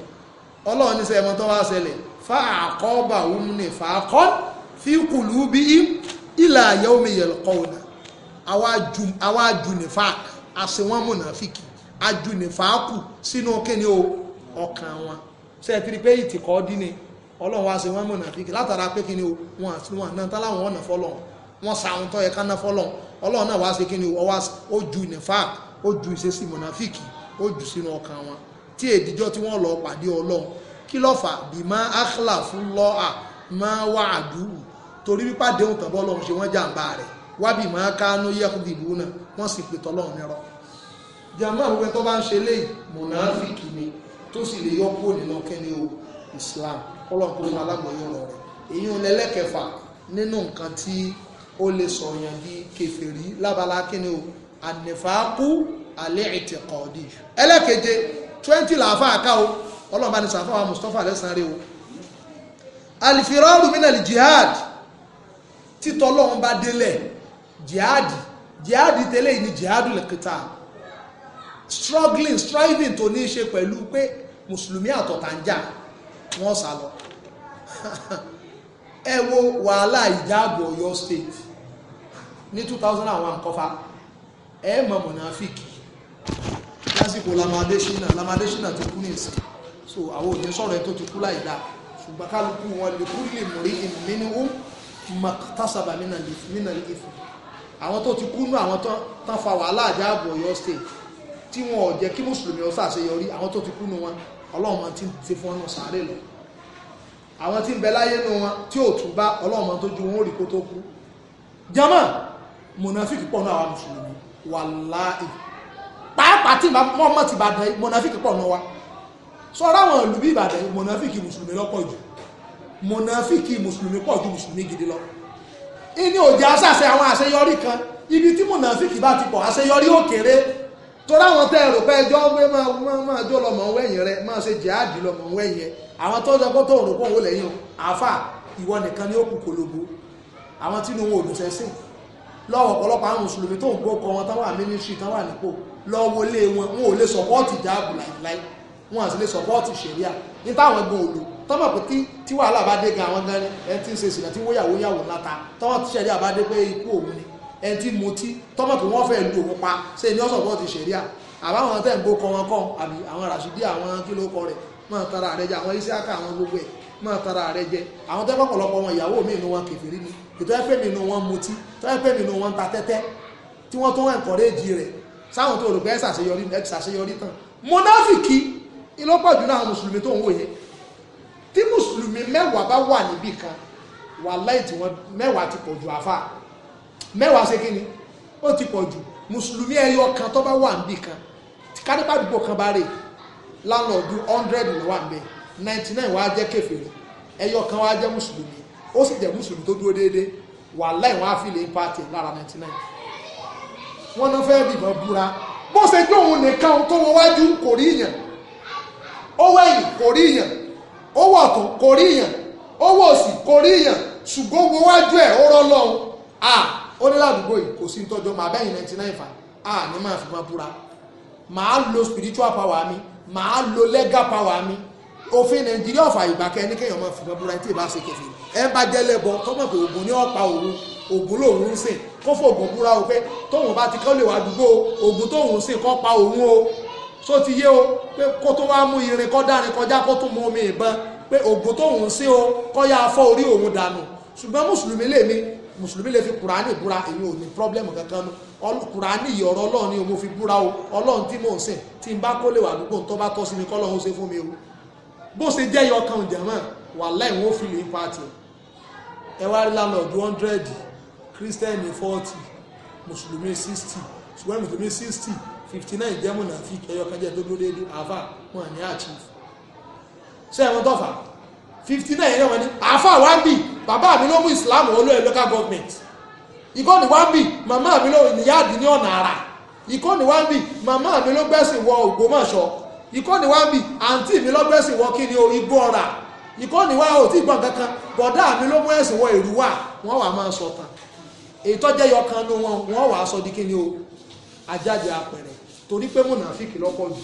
ọlọ́run ní sẹ́yìn tó wá ṣẹlẹ̀ fa àkọ́bà òun ní fa àkọ́ fi kùlù bí i ìlà àyẹ̀wò mi yẹ̀ lọ́kọ́ òun àwa jù ní fa àṣẹ wọn mọ̀nà fìkì ajunifáàkù sínú kíni o ọkàn wọn ṣe é tiri pé ìtìkọ́ dín ni ọlọ́run wá ṣe wọ́n mọ̀nà fíkì látara pé kíni o wọn àti wọn náà táláwọn ọ̀nà fọlọ́run wọn sàwọn tó yẹ káná fọlọ́run ọlọ́run náà wá ṣe kíni o ọwá ó ju nifáàkù ó ju ìṣesí mọ̀nàfíkì ó jù sínú ọkàn wọn tí èdìjọ́ tí wọ́n lọ pàdé ọlọ́run kí ló fà bí má áhàlà fún lọ́à má wà àdúrù torí wípàdé òǹtàn bọ́ọ̀lọ́run ṣe wọ́n jàǹbá rẹ̀ wábì má kánú yẹ́kùdìbù náà wọ́n sì pè tọ́lọ́run nírọ́ jàmá àwọn ẹgbẹ́ tó bá ń ṣe léyìí mùnàfíkì ni tó sì lè yọ nínú kẹ́ni o Islam ọlọ́pàá fún alágbọ̀yé ọ̀rọ̀ rẹ̀ èyí ò lẹ́lẹ́kẹfà nínú nǹkan tí ó lè sọ̀yàn di kèfèrí lábala kẹ́ni o ànífàákú alẹ́ ìtẹ̀kọ̀ọ́dì ẹlẹ́keje twenty làáfà àká o ọlọ́run bá ní sàfà wa mustapha lẹ́sàn-án rẹ o alifiraru minal jihad títọ́ ọlọ́run bá délẹ̀ jihad jihad tẹ́lẹ̀ yìí ni jihad lẹ́kẹta struggling striving to ní í ṣe pẹ̀lú pé mùsùlùmí àtọ̀tà ń jà wọ́n sá lọ ẹ wo wàhálà ìjáàbò Ọ̀yọ́ state ní 2001 kọfà ẹ mọ mọnàfíìkì lásìkò lamadesina lamadesina ti kú ní ìsìn so àwọn òní sọ̀rọ̀ ẹ tó ti kú láì dáa ṣùgbọ́n kálukú wọn lè kú lè mọ̀rí ìmínú maktasaba mínà ìfún àwọn tó ti kú nú àwọn tán fa wàhálà ìjáàbò Ọ̀yọ́ state tí wọn ò jẹ́ kí mùsùlùmí ó ṣàṣeyọrí àwọn tó ti kú nu wọn ọlọ́run ti ti fún ọ̀nà sàárè lọ àwọn tí ń bẹ láyé nu wọn tí ò tún bá ọlọ́run tó ju wọn ò rí kó tó kú jama mùnàfíkì pọ̀ náà àwọn mùsùlùmí wàláì pàápàá tí mọ́mọ́ ti bàdàn mùnàfíkì pọ̀ náà wa sọ́ra àwọn ìlú bí ìbàdàn mùnàfíkì mùsùlùmí lọ́pọ̀ jù mùnàfíkì mùsùlùmí pọ̀ ju mùsùlùmí gidi lọ inú òjò àṣàṣe àwọn àṣeyọrí kan ibi tí mùnàfíkì bá ti pọ̀ àṣeyọrí ó kéré torí àwọn tẹ́ ẹ rò pé ẹjọ́ pé máa máa jó lọ́mọ òun ẹ̀yìn rẹ máa ṣe jihadi lọ́mọ òun ẹ̀yìn ẹ àwọn tó ń sọ pé tó rò pé òun lẹ́yìn àáfà ìwọ nìkan ni ó kù kolobo àwọn tí inú wọn ò dùn sẹ́sìn lọ́wọ́ ọ̀pọ̀lọpọ̀ àwọn mùsùlùmí tó ń gbó kọ wọn táwọn mínísírì táwọn ànípò lọ́wọ́ lé wọn wọn ò lè sọpọ́ọ̀tì jáàbù láìláì wọn àti lè sọpọ́ọ̀tì ṣẹ̀ríà ní táwọn gbọ́n òlò tọ́mọ̀ pé tí wàhálà bá dé gan àwọn gan ẹ ti ń ṣe ìsìnà tí wọ́n yàwó ńlá ta tọ́wọ́ ti ṣẹ̀ríà dé pé ikú òun ni ẹni tí mo ti tọ́mọ̀ pé wọ́n fẹ́ẹ́ lu òun pa ṣé ni ọ̀sán bọ́ ti ṣẹ̀ríà àbáwọn tẹ̀ ń gbó kọ wọn kọ́ àbí àwọn ràṣídì àwọn kí ló kọ rẹ̀ máa tara rẹ jẹ àwọn iṣẹ́ká àwọn gbogbo ẹ̀ máa tara rẹ jẹ àwọn tẹ́ pọ̀pọ̀lọpọ̀ wọn ìyàwó mi inú wọn kèfèrí ni ètò ẹ̀fẹ́ mi inú wọn mutí tó ẹ̀fẹ́ mi inú wọn ta tẹ́tẹ́ tí wọ́n tó ẹ̀ǹkọ́rẹ́jì rẹ̀ sáwọn tó rò pé ṣàṣeyọrí ẹ̀ ṣàṣeyọrí tán mọ́náfìkì ìlọ́pọ̀ jù náà mùsùlùmí tó ń wòye tí mùsùlùmí mẹ́wàá bá wà níbì kan wàláì tí wọ́n mẹ́wàá ti pọ̀ ju àfáà mẹ́wàá ṣe kí ni ó ti pọ̀ jù mùsùlùmí ẹyọ kan tó bá wà níbì kan kánípà àdúgbò kan bá rè lálọ́ọ̀dù hundred ló wà níbẹ̀ ninety nine wàá jẹ́ kèfèrí ẹyọ kan wàá jẹ́ mùsùlùmí ó sì jẹ́ mùsùlùmí tó dúró déédéé wàláì wọ́n á fi lè pàtì lára ninety nine wọ́n náà fẹ́ dìbọn búra bó ṣe jẹ́ òun nìkan tó wọ wájú kò rí yàn ó wẹ̀yìn kò rí yàn ó wọ̀ tó kò rí yàn ó wọ̀ sí kò rí yàn ṣùgbọ́n wọ wájú ẹ̀ ó rọ́ lọ́hùn-ún ó ní ládùúgbò yìí kò sí tọ́jọ́ màá bẹ́yìn ninety nine fa a ní máa fi máa búra màá lo spiritual power mi màá lo legal power mi òfin nàìjíríà ọ̀fà ìgbàkẹ́ ní kéèyàn máa fi máa búra tí ì bá ṣe kẹfì ẹ bá jẹ́ lẹ́bọ tọ́mọ̀ pé ògùn ní ọ̀pá òru ògùn lòun ń sìn kó fún ògùn búra o pé tóun bá ti kọ́ lè wá àdúgbò ògùn tóun ń sìn kọ́ pa òun o só ti yé o pé kó tó wá mú irin kọ́ dárin kọjá kó tó mú omi ìbọn pé ògùn tóun ń sìn o kọ́ yá afọ́ orí òun dànù ṣùgbọ́n mùsùlùmí lèmi mùsùlùmí lè fi kùránì búra èyí ò ní pọ́blẹ́mù kankan nu kùránì yìí ọ̀rọ̀ ọlọ́run ni mo fi búra o ọlọ́run tí mò ń sìn tí n bá kó lè wà àdúgbò tó bá tọ́ sí mi kọ́lọ́run ó ṣe fún mi o bó ṣe jẹ́ yọ kan jẹ̀mọ́ wàláì wọ́n fi lè pàtì ẹ wá rí lálọ́ọ̀dù hundred kírísítẹ́nì forty mùsùlùmí sixty ṣùgbọ́n mùsùlùmí sixty fifty nine jẹ́ mùnàfíì ẹ̀yọ kan jẹ́ tó dúró déédéé àáfà wọn ní àchíf ṣé ẹ̀wọ̀n tọ́fà fifty nine yẹn wọ́n ní àáfà wá ń bì bàbá mi ló mú islam olú ẹ̀ local government ìkọ́ni ni one B. màmá mi ló níyàdí ní ọ̀nà àrà ìkọ́ni wá ń bì màmá mi ló gbẹ́sìn wọ Ògbómọ̀ṣọ́ ìkọ́ni wá ń bì àǹtí mi ló gbẹ́sìn wọ kí ni o igbó ọ̀rà ìkọ́ni wá ò tí ì gbọ́n kankan bọ̀dá mi ló mú ẹ̀sìn wọ ìlú wà wọ́n wà máa sọ tán èyí tọ́jẹ́ yọkan ní wọn wọ́n wà á sọ di kí ni o àjáde àpẹẹrẹ torí pé mùnàfíkì lọ́pọ̀ jù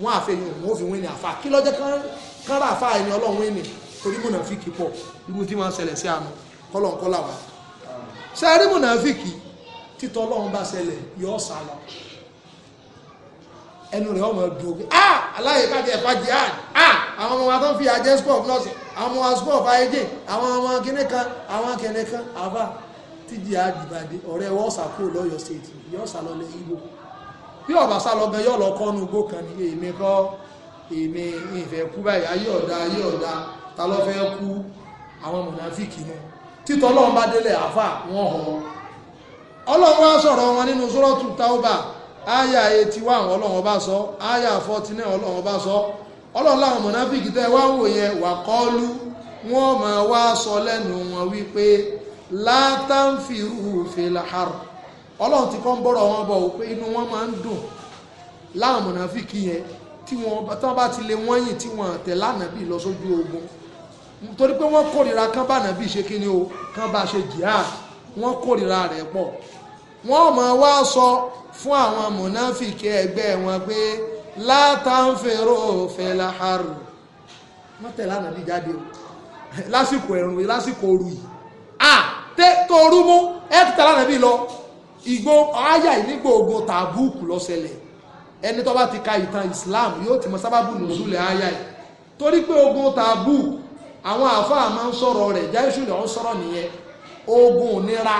wọn àfẹyìn òun ó fi wín ní àfa kí lọ́jọ́ kánra àfa ẹni ọlọ́run wín ní torí mùnàfíkì pọ̀ irú tí wọ́n ṣẹlẹ̀ sí àná kọ́lọ̀ńkọ́lá wa ṣe rí mùnàfíkì títọ́ ọlọ́run bá ṣẹlẹ̀ yọ sá lọ ẹnu rẹ̀ ọmọ dùn òkè ah aláyè kájí ẹ̀fà jihad ah àwọn ọmọ wa tó ń fi àjẹ́ school of nursing àwọn ọmọ wa school of ayédè àwọn ọmọ kìnìkan àwọn kìnìkan àbá tí jihad ìbàdí ọ̀rẹ́ wọ́ọ̀sà kúrò lọ́yọ̀ state yọ̀ọ̀sà lọ́lẹ̀ Ìgbò bí ọ̀bá sá lọ gan yọ́ lọ kọ́nu igbó kan ní èmi kọ́ èmi ìfẹ́ kú báyìí ayé ọ̀dá ayé ọ̀dá ta ló fẹ́ kú àwọn mùnàfíkì mú títọ́ ọlọ́run bá délẹ̀ àfà wọ́n hàn ọlọ́run wá sọ̀rọ̀ wọn nínú sọ́rọ̀tù taoba aya 81 ọlọ́run bá sọ aya 49 ọlọ́run bá sọ ọlọ́run láwọn mùnàfíkì tẹ́ wá wò yẹn wà kọ́ọ́lú wọ́n máa wá sọ lẹ́nu wọn wípé látàǹfìrù fìlàhàrù ọlọ́run ti kọ́ ń bọ́rọ̀ wọn bọ̀ pé inú wọn máa ń dùn láwọn mọ̀nàfíkì yẹn tí wọ́n bá ti lè wọ́n yìn tí wọ́n tẹ̀ lánàbí lọ sójú ogun torí pé wọ́n kórìíra kán bá nàbí ṣe kí ni o kán bá ṣe jihad wọ́n kórìíra rẹ̀ pọ̀ wọ́n máa wá sọ fún àwọn mọ̀nàfíkì ẹgbẹ́ wọn pé látàǹfẹ̀rọ̀ fẹ́lá haru wọ́n tẹ̀ lánàbí jáde o lásìkò ẹ̀rùn lásìkò òru yìí à tẹ́ tó rú mú ẹ̀ tẹ̀ lánàbí lọ ìgbó àyà ìnígbò ogun tàbúùkù lọ́sẹ̀lẹ̀ ẹni tó bá ti ka ìtàn Islam yóò ti mọ sábàbù nùsùlẹ̀ àyà yìí torí pé ogun tàbúùkù àwọn àáfàá máa ń sọ̀rọ̀ rẹ̀ jáìsù lè ń sọ̀rọ̀ nìyẹn ogun ònira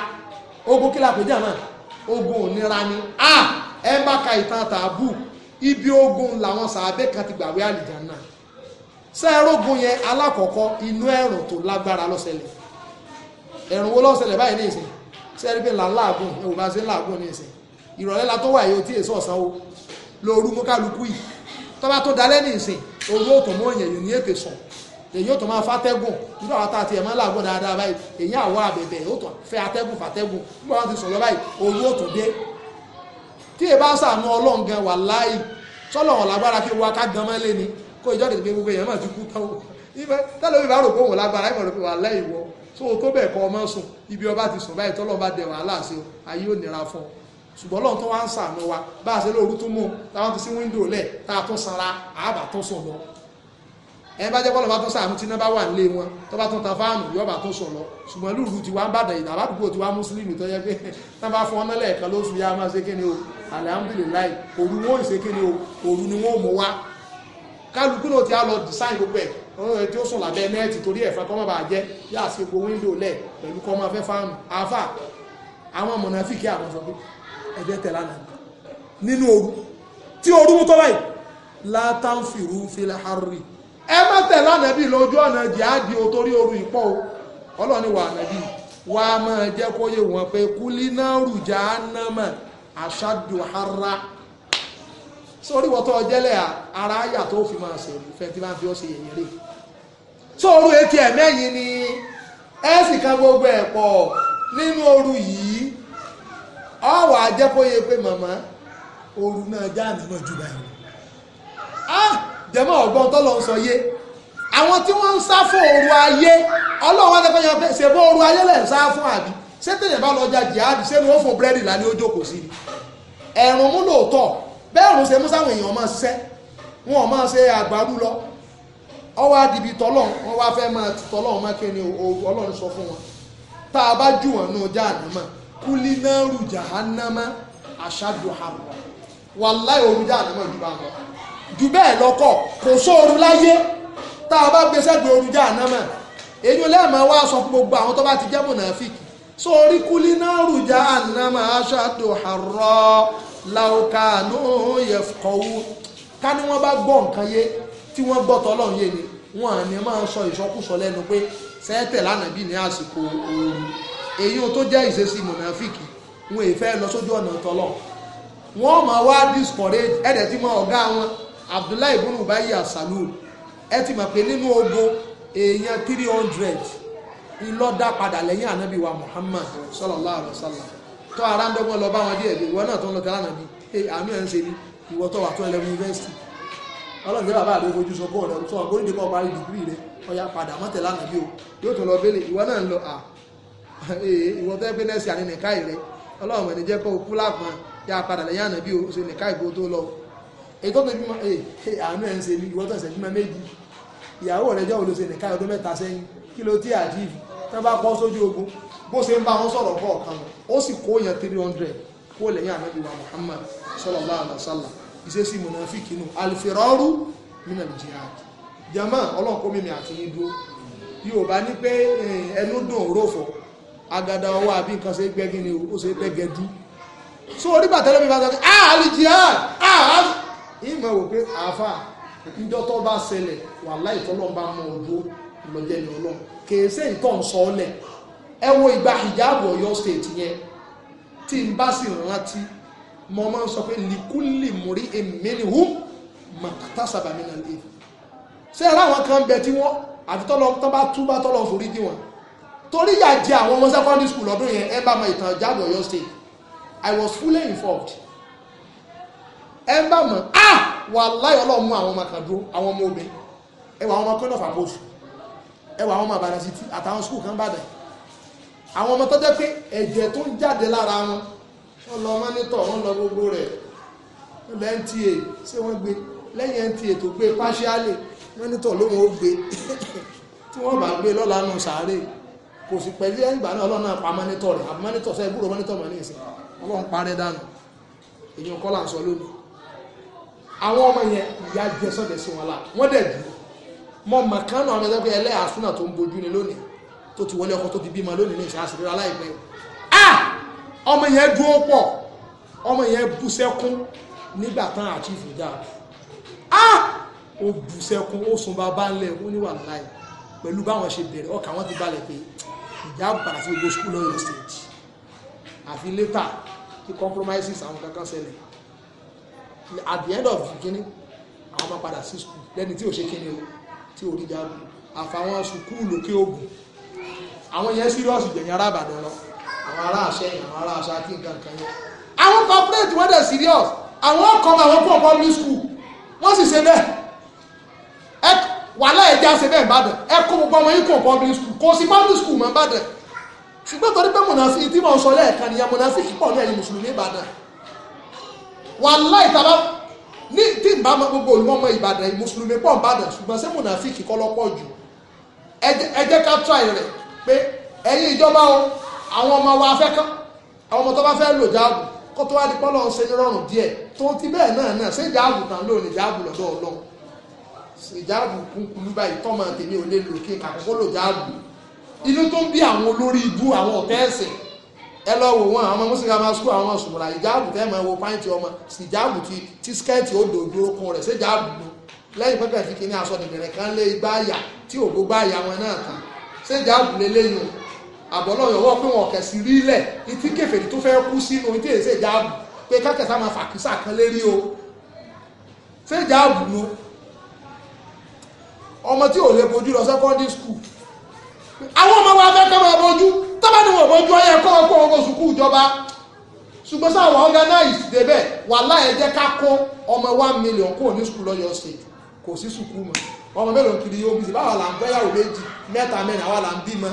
ogun kí lápèjá náà ogun ònira ni a ẹ bá ka ìtàn tàbúùkù ibi ogun làwọn sàábẹ́ kan ti gbàwé àlìjánnà sẹ́ẹ̀rógun yẹn alákọ̀ọ́kọ́ inú ẹ̀rùn tó lágbára lọ́sẹ̀lẹ̀ ẹ̀rùn wo lọ́sẹ̀lẹ̀ báyìí ní ìsìn sẹ́rí pé là ń làágùn ẹ̀wò bá ṣe ń làágùn ní ìsìn ìrọ̀lẹ́ la tó wà yóò tí èso ọ̀sán o lóru mú kálukú yìí tó bá tó dalẹ́ ní ìsìn owó tó mú èèyàn yìí ní ètè sùn èyí ò tó máa fàtẹ́gùn nígbà wọn àti ẹ̀mọ́ làágùn dáadáa báyìí èyí àwọ̀ àbẹ̀bẹ̀ ó tó fẹ́ atẹ́gùn fàtẹ́gùn nígbà wọn ti sọ̀rọ̀ báyìí owó tó dé tí ẹ bá sànú ọlọ́run gan wà láì sọ́lọ̀ wọn lágbára kí wa ká gan mọ́lé ni kó ìjọ́dẹ̀ gbogbo èèyàn máa ti kú táwọn tẹ́lẹ̀ mi bá rò pé òun lágbára ìmọ̀ rò pé wà láì so tó bẹ̀ kọ́ ọmọ sùn ibi ọba ti sùn báyìí tọ́lọ́ bá dẹ̀ wàhálà sí ayé ò nira fún ṣùgbọ́n lọ́n tó wá ń sàánú wa bá a ṣe lóoru tún mú táwọn ti sí wíńdò lẹ̀ tá a tún sanra àábà tún sùn lọ ẹ bá jẹ́ kọ́ lọ́ bá tún sàánú tí iná bá wà nílé wọn tó bá tún ta fáànù yóò bá tún sùn lọ ṣùgbọ́n lúùrù ti wá ń bàdàn ìdá àbádùgbò ti wá mùsùlùmí tó yẹ pé tá bá fún ọ́nà lẹ́ẹ̀kan ló fi yá máa ṣe kíni o alihamudulilayi òru wọn ò ṣe kíni o òru ni wọn ò mú wa kálukú náà ti á lọ dìsáìn gbogbo ẹ̀ ọ̀rọ̀ tí ó sùn lábẹ́ nẹ́ẹ̀tì torí ẹ̀fẹ́ kọ́ má bàa jẹ́ yá sí gbogbo wíńdò lẹ̀ pẹ̀lú kọ́ máa fẹ́ fáàmù àfà àwọn mọ̀nàfíkì àwọn sọ pé ẹgbẹ́ tẹ̀ lánàá nínú ooru tí ooru mú tọ́ báyìí látàǹfìrú filahari ẹ má tẹ̀ lánàá bí lójú ọ̀nà jihadi o torí ooru ìpọ́ o ọlọ́ni wà nàbí wà á máa jẹ́ kó yé wọn pé kúlínàrù jahannama aṣáájú hara sórí wọ́tọ́ ọjẹ́lẹ̀ ara yà tó fi máa sẹ̀rí fẹ́ tí máa fi ọ́ ṣe yẹ̀yẹ́ lè sóoru atm ẹ̀yìn ni ẹ sì kan gbogbo ẹ̀ pọ̀ nínú ooru yìí ọwọ́ ajẹ́kóye pé màmá ooru náà já àmọ́ jù báyìí ah jẹ́mọ́ ọ̀gbọ́n tó lọ sọ yé àwọn tí wọ́n ń sá fún ooru ayé ọlọ́wọ́ adẹ́kọ̀ọ́ yẹn fẹ́ ṣe bọ́ ooru ayé lẹ̀ ń sá fún àbí ṣé tèèyàn bá lọ ja jihad ṣé ni wọ́n fún búrẹ́dì lálẹ́ ó jókòó sí ẹ̀rùn mú lóòótọ́ bẹ́ẹ̀rùn ṣe mú sáwọn èèyàn máa ṣiṣẹ́ wọn ò máa ṣe àgbàrú lọ ọwọ́ adìbí tọ́lọ́n wọ́n wá fẹ́ máa ti tọ́lọ́n máa kéde ọlọ́run sọ fún wọn tá a bá jù wọn náà jáànámà kúlí náà rù jáànámà àṣàdù àrùn wàláì òru jáànámà jù bá wọn jù bẹ́ẹ̀ lọ́kọ̀ kò sóoru láyé tá a bá gbé sẹ́gbẹ̀ẹ́ òru jáànámà èyí lẹ́ẹ̀mọ́ wá sọ fún gbogbo àwọn tó bá ti jẹ́ mùnàfíkì sórí kúlí náà rù jáànámà àṣàdù àrùn láwùká náà yẹ kọ́wú ká ní wọ́n bá gbọ́ nǹkan yé tí wọ́n gbọ́ tọ́lọ́run yé ni wọn à ní máa sọ ìsọkúsọ lẹ́nu pé sẹ́ẹ̀tẹ̀ lánàá bí ní àsìkò ooru èyí tó jẹ́ ìṣesí mọ̀nàfíìkì wọn èèfẹ́ lọ sójú ọ̀nà tọ́lọ̀ wọn máa wá discourage ẹ̀dẹ̀ tí mọ ọ̀gá wọn Abdullahi ibn Ubayi asalul ẹ ti mọ̀ pé nínú ogun èèyàn three hundred ìlọ́dá padà lẹ́yìn ànábì wa Muhammad sallallahu alaihi wasallam tó ara ń dọ́gbọ́n lọ bá wọn díẹ̀ ìwọ náà tó ń lọ tẹ́lá nàbí àmì ẹ̀ ń ṣe ni ìwọ tó wà tó ẹlẹ́mú ọlọ́run jẹ́ bàbá rẹ̀ fojú sọ kó rẹ̀ sọ kó nídìí kọ́ parí dìgírì rẹ̀ ọya padà mọ́tẹ̀ lánàá bí o yóò tún lọ bẹ́lẹ̀ ìwọ náà ń lọ ìwọ tó yẹ pé nẹ́ẹ̀sì àní nìka ìrẹ́ ọlọ́run ẹni jẹ́ kó o kú lápọn yá padà lẹ́yìn àná bí o ṣe nìka ìbò tó lọ èyí tó tóbi mọ ee àánú ẹ̀ ń ṣe ní ìwọ tó ṣẹ̀jú mọ méjì ìyàwó rẹ̀ jẹ́ olóṣè nìka ọdún mẹ́ta sẹ́yìn kí ló tí àjíìfì tó bá kọ́ sójú ogun bó ṣe ń bá wọn sọ̀rọ̀ kọ̀ọ̀kan ó sì kó yẹn three hundred Muhammad sallallahu alaihi wasallam ìṣesí mùnàfíkì nù alifirọ́rù minal jihad jama ọlọ́nkọ́ mímí àti yín dúró yóò bá ní pé eh, ẹnu dùn òrófọ́ agada ọwọ́ àbí nǹkan ṣe gbẹ́gí ni ó ṣe gbẹ́gẹ́dú so orí bàtẹ́lẹ́ mi bá sọ pé ah alijihad ah ìmọ̀ ah. wò pé àáfà ìjọ tó bá ṣẹlẹ̀ wàláhì tọ́lọ́ bá mọ ọdún lọ́jẹ́ ní ọlọ́run kìí ṣe nǹkan sọ ọ́lẹ̀ ẹ wo ìgbà hijabu Ọ̀yọ́ state yẹn tí n bá sì rántí mo máa ń sọ pé likuli muri emini hu makatasaba mi náà lè ṣe ara àwọn kan bẹ tí wọ́n àti tọ́lọ tán bá tú bá tọ́lọ forí dí wọn torí yà jẹ àwọn ọmọ secondary school ọdún yẹn ẹ bá mọ ìtàn jáde Ọ̀yọ́ state i was fully informed ẹ bá mọ ah wàláhì Ọlọ́run mú àwọn ọmọ kan dúró àwọn ọmọ obìnrin ẹ wà àwọn ọmọ kọ́nọ̀fà post ẹwà àwọn ọmọ àbára sí ti àtàwọn skul kan bàdàn àwọn ọmọ tó jẹ́ pé ẹ̀jẹ̀ tó ń jáde lára wọn wọ́n lọ mọ́nítọ̀ wọ́n lọ gbogbo rẹ̀ lọ NTA ṣé wọ́n gbé lẹ́yìn NTA tó gbé partially mọ́nítọ̀ lóhun ó gbé tí wọ́n bá gbé lọ́la nù sàárè kò sì pẹ̀lú ẹ̀yìn ìgbà náà ọlọ́run náà pa mọ́nítọ̀ rẹ̀ àbí mọ́nítọ̀ sẹ́ gbúrò mọ́nítọ̀ mọ́ ní ìsìn ọlọ́run parẹ́ dànù èèyàn kọ́ là ń sọ lónìí àwọn ọmọ yẹn ìyá jẹ sọ́dẹ̀ sí wọn la wọ́n dẹ̀ jù mọ́ màkánà ọmọ ẹgbẹ́ ẹlẹ́yà súnà tó ń bojú ni lónìí tó ti wọlé ọkọ tó ti bímọ lónìí ní ìṣàṣìríra láìpẹ́ ah ọmọ yẹn dúró pọ̀ ọmọ yẹn bú sẹ́kún nígbà tán àti ìfòjá ah ó bú sẹ́kún ó sun bàbá ńlẹ̀ ó ní wàláì pẹ̀lú báwọn ṣe bẹ̀rẹ̀ ọkà wọn ti balẹ̀ pé ìjà padà sí gbogbo school lọ́yọ̀ stage àfi later kí compromises àwọn kankan ṣẹlẹ̀ at the end of kínní àwọn máa padà sí school lẹ́ni tí ò ṣe kínní o tí ò rí jáde àfàwọn sùkúù lókè ògùn àwọn yẹn serious jẹ̀yìn arábàdàn lọ àwọn ará àṣẹ àwọn ará àṣẹ àti nǹkan kan yẹn àwọn corporate wọ́n dẹ̀ serious àwọn ọkọ̀ àwọn kó public school wọ́n sì ṣe bẹ́ẹ̀ wàhálà ẹ̀já ṣe bẹ́ẹ̀ Ìbàdàn ẹ kó gbogbo ọmọ yín kó public school kò sí public school mọ́ Ìbàdàn ṣùgbọ́n torí pé mùnàfíì tí mò ń sọ lẹ́ẹ̀kan nìyẹn mùnàfíì pọ̀ ní ẹ̀yìn mùsùlùmí Ìbàdàn wàhálà ìtàbá ní tí n bá gbogbo olùmọ̀mọ́ Ìbàdàn mùsùlùmí pọ̀ Ìbàdàn ṣùgbọ́n ṣé mùnàfíì kọ́ lọ́pọ̀ jù ẹ jẹ́ ká try rẹ̀ pé ẹ̀yin ìjọba o àwọn ọmọ wa fẹ́ kán àwọn ọmọ tó bá fẹ́ lò jáàbù kó tó wá di pọ́lọ́ ṣe ní rọrùn díẹ̀ tó ti bẹ́ẹ̀ náà náà ṣé ìjáàbù tán ló ní ìjáàbù lọ́dọ̀ ọlọ́run ìjáàbù kúkúrú báyìí tọ́mọ tèmi ò lè lò kí n kàkókó lò jáàbù inú tó ń bí àwọn olórí ibú àwọn ọ̀tẹ́ ẹ̀sìn ẹ lọ wò wọn àwọn ọmọ mùsùlùmí máa sùkú àwọn sùmùrà ìjáàbù tẹ́ mọ ewo pàǹtì ọmọ ìjáàbù ti ti skẹ́ẹ̀tì odò òdòrókun rẹ̀ ṣé ìjáàbù lò lẹ́yìn pẹ́pẹ́ fi kíní aṣọ nìbẹ̀rẹ̀ kan lé igbá àyà tí ògbó gbá àyà wọn náà tán ṣé ìjáàbù lélẹ́yìn àbọ̀lọ́yọ̀ wọ́n pé wọn kẹ̀sì rí lẹ̀ ìtí kẹfẹ̀rí tó fẹ́ kú sínú ìtí èsè jáàbù pé kákẹ́sà máa fàkísà kan lérí o ṣé jáàbù nu ọmọ tí ò lè bojú lọ secondary school àwọn ọmọ wa fẹ́ kọ́ máa bojú tọ́ba ni wọn bojú ọyẹ kọ́ ọkọ́ ọkọ́ sùkúù ìjọba ṣùgbọ́n sáwọn organize débẹ̀ wàhálà ẹ jẹ́ ká kó ọmọ one million kò ní sùkúù lọ́yọ̀ state kò sí sùkúù mọ́ ọmọ mélòó kiri yóò bí sí báwa là ń fẹ́ yàwó méjì mẹ́ta mẹ́rin àwa là ń bímọ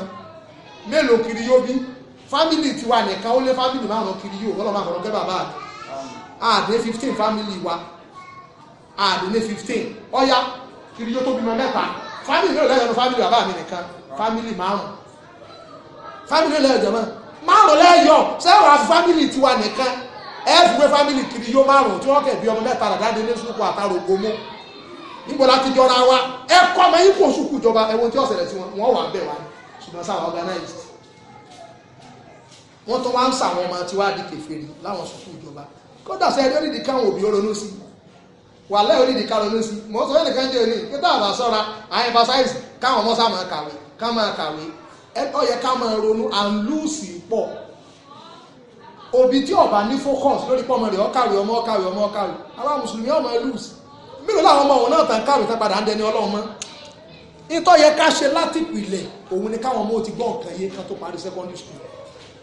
mélòó kiri yóò bí tiwa nìkan ó lé fámìlì márùn kiri yóò ọlọ́run àkọ́rọ́ kẹ́ bàbá àdé fifteen fámìlì wa àdé ní fifteen ọ̀ya kiri yóò tó bímọ mẹ́ta fámìlì mélòó lẹ́yìn ọ̀nà bàbá mi nìkan fámìlì márùn fámìlì lẹ́yìn ọ̀jọ̀ mọ́ márùn tiwa nìkan ẹ fi wé kiri yóò márùn tí wọ́n kẹ̀ bí ọmọ mẹ́ta àtàrò ṣùgbọ́n sáwọn organized wọ́n tó wá ń sàwọn ọmọ tí wàá di kèfèrí láwọn sùkúù ìjọba kódà sẹ́ ẹni onídìí káwọn òbí ronú sí wà lẹ́yìn onídìí ká ronú sí mọ̀ sọ ẹnìkan jẹ́ òní pé táwọn àṣọra àyẹ̀fàsáìsì káwọn ọmọ sáà máa kàwé ká máa kàwé ó yẹ ká máa ronú and lose pọ̀ òbí tí ọba ní focus lórí pọ́ ọmọ rẹ̀ ọkàwé ọmọ ọkàwé ọmọ ọkàwé àwọn mùsùlùmí ọmọ lose mélòó làwọn ọmọ òun náà tàn kàwé tá padà ń dẹni ọlọ́run mọ́ ìtọ́ yẹ ká ṣe láti pìlẹ̀ òun ni káwọn ọmọ ti gbọ́ nǹkan yé kan tó parí secondary school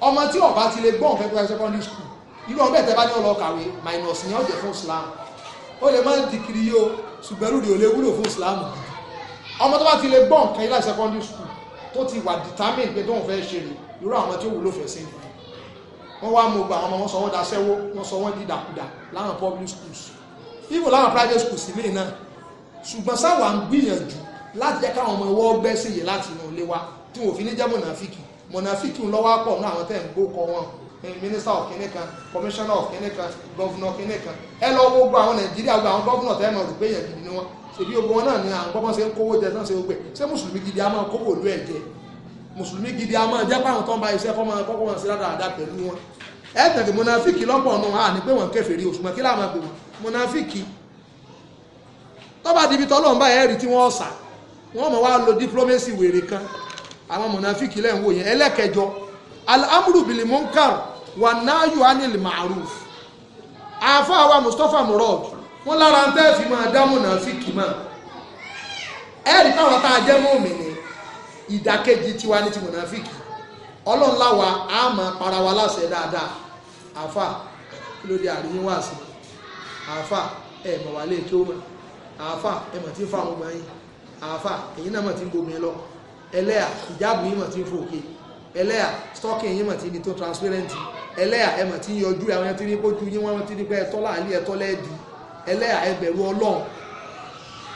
ọmọ tí ọba ti lè gbọ́ nǹkan tó parí secondary school irú ọbẹ̀ tẹ́ bá ní ọlọ́ kàwé minus ni ó jẹ́ fún Islam ó lè má dìkiri yìí o ṣùgbẹ́rù rè ó lè wúlò fún Islam ọmọ tó bá ti lè gbọ́ nǹkan yé láti secondary school tó ti wà determined pé tóun fẹ́ ṣe rè irú àwọn tí ó wúlò fẹ́ sí ni wọ́n wá mú gba àwọn ọmọ wọn sọ wọ́n daṣẹ́wó wọ́n sọ wọ́n di dàkudà láwọn public schools even láwọn private schools ilé náà ṣùgbọ́n sáwà ń gbìyànjú láti jẹ́ káwọn ọmọ ẹwọ́ gbẹ́sẹ̀ yìí láti inú ilé wa tí wọ́n fi ní jẹ́ mọ̀nàfíkì mọ̀nàfíkì ń lọ́wọ́ pọ̀ náà àwọn tẹ̀ ń gbókọ wọn minister of kinní kan commissioner of kinní kan governor kinní kan ẹ lọ wo gbọ́ àwọn nàìjíríà gbọ́ àwọn gọ́vùnà tẹ́ mọ̀ rògbé yẹn gidi ni wọ́n ṣèbí ogun wọn náà ni àwọn gbọ́mọ́ ṣe ń kówó jẹ tán ṣe gbẹ ṣé mùsùlùmí gidi a máa kówó òlú ẹ̀ jẹ mùsùlùmí gidi a máa jẹ́ páwọn tó ń ba iṣẹ́ kọ́ máa kọ́kọ́ wọn sí dáadáa pẹ̀lú wọn ẹ tẹ̀lé mọ̀nàfíkì lọ́pọ̀ ọ̀nà hàn ní pé wọ́n kèfèrí òṣùmọ̀ kí láwọn máa gbé wọn mọ̀nàfíkì tọ́ba dibi tọ́lọ́ọ̀ wọn mọ̀ wá lo diplomacy wèrè kan àwọn mọ̀nàfíkì lẹ́yìn wòye ẹlẹ́kẹjọ alhamdu munkar wà anil ma'ruf afa wa mustapha murad wọn lára ń tẹ́ẹ̀fì máa dá mọ̀nàfíkì máa ẹ̀rí táwọn tá a jẹ́ mọ́ọ̀mì ni ìdákẹ́jì tiwa ní ti wa láṣẹ dáadáa kí ló dé àríyìn wá sí ẹ̀ mọ̀ wálé e mọ̀ ẹ̀ àáfà èyí náà mọ̀ tí ń bomi lọ ẹlẹ́à ìjáàbù yìí mọ̀ tí ń fòkè ẹlẹ́à stocking yìí mọ̀ tí ní tó transparent ẹlẹ́à ẹ tí ń yọjú àwọn ti ní pójú yín wọ́n ti ní pé ẹtọ́ láàlí ẹtọ́ lẹ́ẹ̀dì ẹlẹ́à ẹgbẹ̀rú ọlọ́run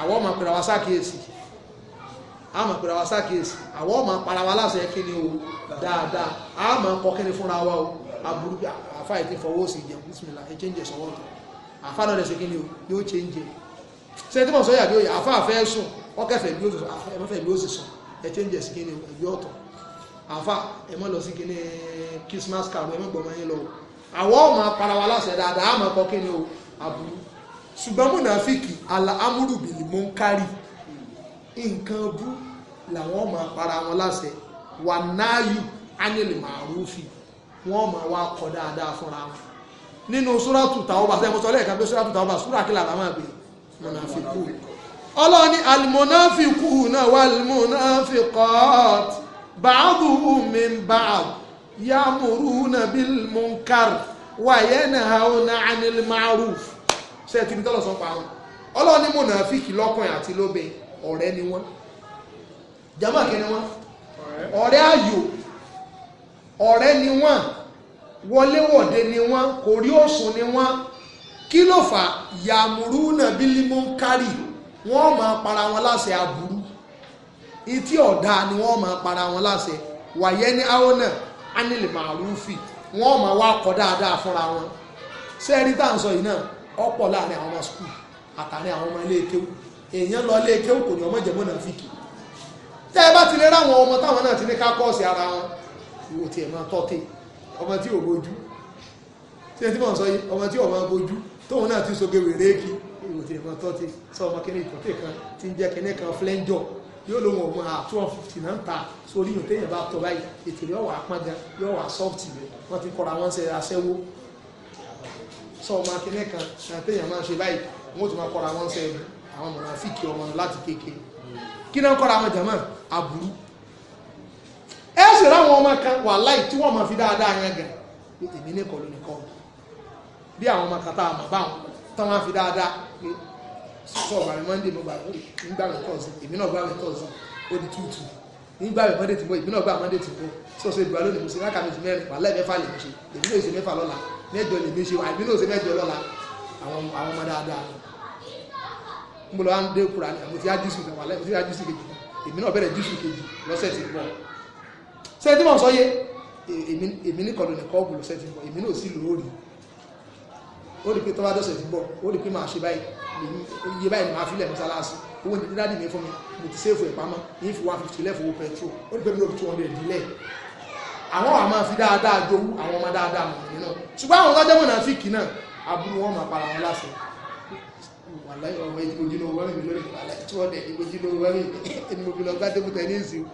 àwọn ọmọ pèrè wa sákèésì àmọ̀ pèrè wa sákèésì àwọn ọmọ para wa kí ni o dáadáa àmọ̀ kọ́ kí ni fúnra wa o àfa sí ìjẹun ẹ change àfa náà lẹ́sẹ̀ kí ni o yóò change tí mo sọ yàgbé òye àfa wọ́n kẹfẹ́ ìlú òsì sọ ẹmọ́fẹ́ ìlú òsì sọ ẹ change ẹ̀ sí kíní ìlú ọ̀tọ̀ àfa ẹmọ́ lọ sí kíní Christmas card ẹmọ́ gbọmọ yín lọ àwọn ọmọ para wa láṣẹ dáadáa àmọ́ kọ kíní o aburú ṣùgbọ́n múnàfíkì àlà amúrùbìlì mọ́ ń kárì nǹkan bú làwọn ọmọ para wọn láṣẹ wà náàyù ánìlì màrúfì wọn ọmọ wa kọ dáadáa fúnra wọn nínú súrátù Tawba sẹ́yìn mo sọ lẹ́ẹ̀kan pé súrátù Tawba súrà kí làbá ọlọ́run ní almunafiquna walmunafiqat ba'duhum min ba'd ya'muruna bil munkar wa yanhauna 'anil ma'ruf ṣe ti ní tọ́lọ̀ sọ pa wọn ọlọ́run ní mùnàfíkì lọ́kùnrin àti lóbe ọ̀rẹ́ ni wọ́n jàmá kí ni wọ́n ọ̀rẹ́ ayò ọ̀rẹ́ ni wọ́n wọléwọ̀de ni wọ́n kò rí òsùn ni wọ́n kí ló fà yàmùrú nàbílímù kárì wọ́n máa para wọn láṣẹ aburú etí ọ̀dà ni wọ́n máa para wọn láṣẹ wàyẹ́ ní áwọnà ánìlè màrúfì wọ́n máa wá kọ́ dáadáa fúnra wọn sẹ́ẹ̀rí tá à ń sọ yìí náà ọ̀pọ̀ láàrin àwọn ọmọ skul àtàrin àwọn ọmọ ilé kéwù èèyàn lọ ilé kéwù kò ní ọmọ jẹ̀mọ́ náà fìkì tẹ́ ẹ bá ti lè ráwọn ọmọ táwọn náà ti ní ká kọ́ọ̀sì ara wọn ìwò tiẹ̀ máa tọ́tẹ̀ ọmọ tí ò bójú tí ẹ ti mọ̀ sọ yìí ọmọ tí ò máa bójú tóun náà ti soge wèrè kí kò tí ì mọ tọ́tí sọ ọmọ kìnìún ìtọ́tẹ̀ kan tí ń jẹ́ kìnìún kan flẹ́ńjọ yóò ló wọn ọmọ àtú wọn fifty náà ń ta sórí yòó téèyàn bá tọ báyìí ètò yóò wà pọn gan yóò wà sọ́ọ̀tì rẹ wọ́n ti kọ́ra wọn ṣe aṣẹ́wó sọ ọmọ akínẹ́ kan téèyàn máa ń ṣe báyìí wọ́n ti máa kọ́ra wọn ṣe àwọn ọmọ náà fìkì ọmọ láti kékeré kí náà kọ́ra wọn jàmọ́ àbúrú ẹ sì ráwọn ọmọ kan wà láì tí wọ́n máa fi dáadáa yẹn gan bí àwọn ọmọ kan tá a mọ̀ báwọn tán wá fi dáadáa pé sọ ọ̀gbàrẹ̀ monday mo gbàgbé nígbàgbé tọ́sí èmi náà gbàgbé tọ́sí ó di túùtù nígbàgbé monday ti bọ́ èmi náà gbà monday ti bọ́ sọ́sọ ìdùnnà lónìí mo ṣe láka méjì mẹ́rin wàhálà mẹ́fà lè ṣe èmi náà ṣe mẹ́fà lọ́la mẹ́jọ lè mi ṣe àbí náà ṣe mẹ́jọ lọ́la àwọn ọmọ dáadáa ń bọ̀ lọ́wọ́ dé kura mo ti á jísù wàhálà mo ti á jísù kejì èmi náà bẹ̀rẹ̀ jísù kejì lọ́sẹ̀ ti bọ̀ ṣé tí mo sọ yé èmi ní kọ̀dọ̀ nìkan ọ̀gùn lọ́sẹ̀ ti bọ̀ èmi náà sì lóòrì ó rí pé tọ́wá dọ́sẹ̀ ti bọ̀ ó rí pé màá ṣe báyìí iye báyìí ni màá fi lẹ̀ mọ́sálásí owó ní dádì mi fún mi mo ti séèfù ìpamọ́ ní fi one fifty lẹ́fọ̀ owó petrol ó rí pé mi ló fi two hundred dílẹ̀ àwọn àmọ́ fi dáadáa jowú àwọn ọmọ dáadáa mọ̀ nínú ṣùgbọ́n àwọn ọlọ́jọ́ mọ̀nà fíìkì náà aburú wọn máa para wọn láṣẹ wàláyé ọmọ ìdíbòjì lówó wẹ́rìn mi lórí wàláyé tí wọ́n dẹ̀ ìdíbòjì lówó wẹ́rìn mi èmi mo fi lọ ní ìsìn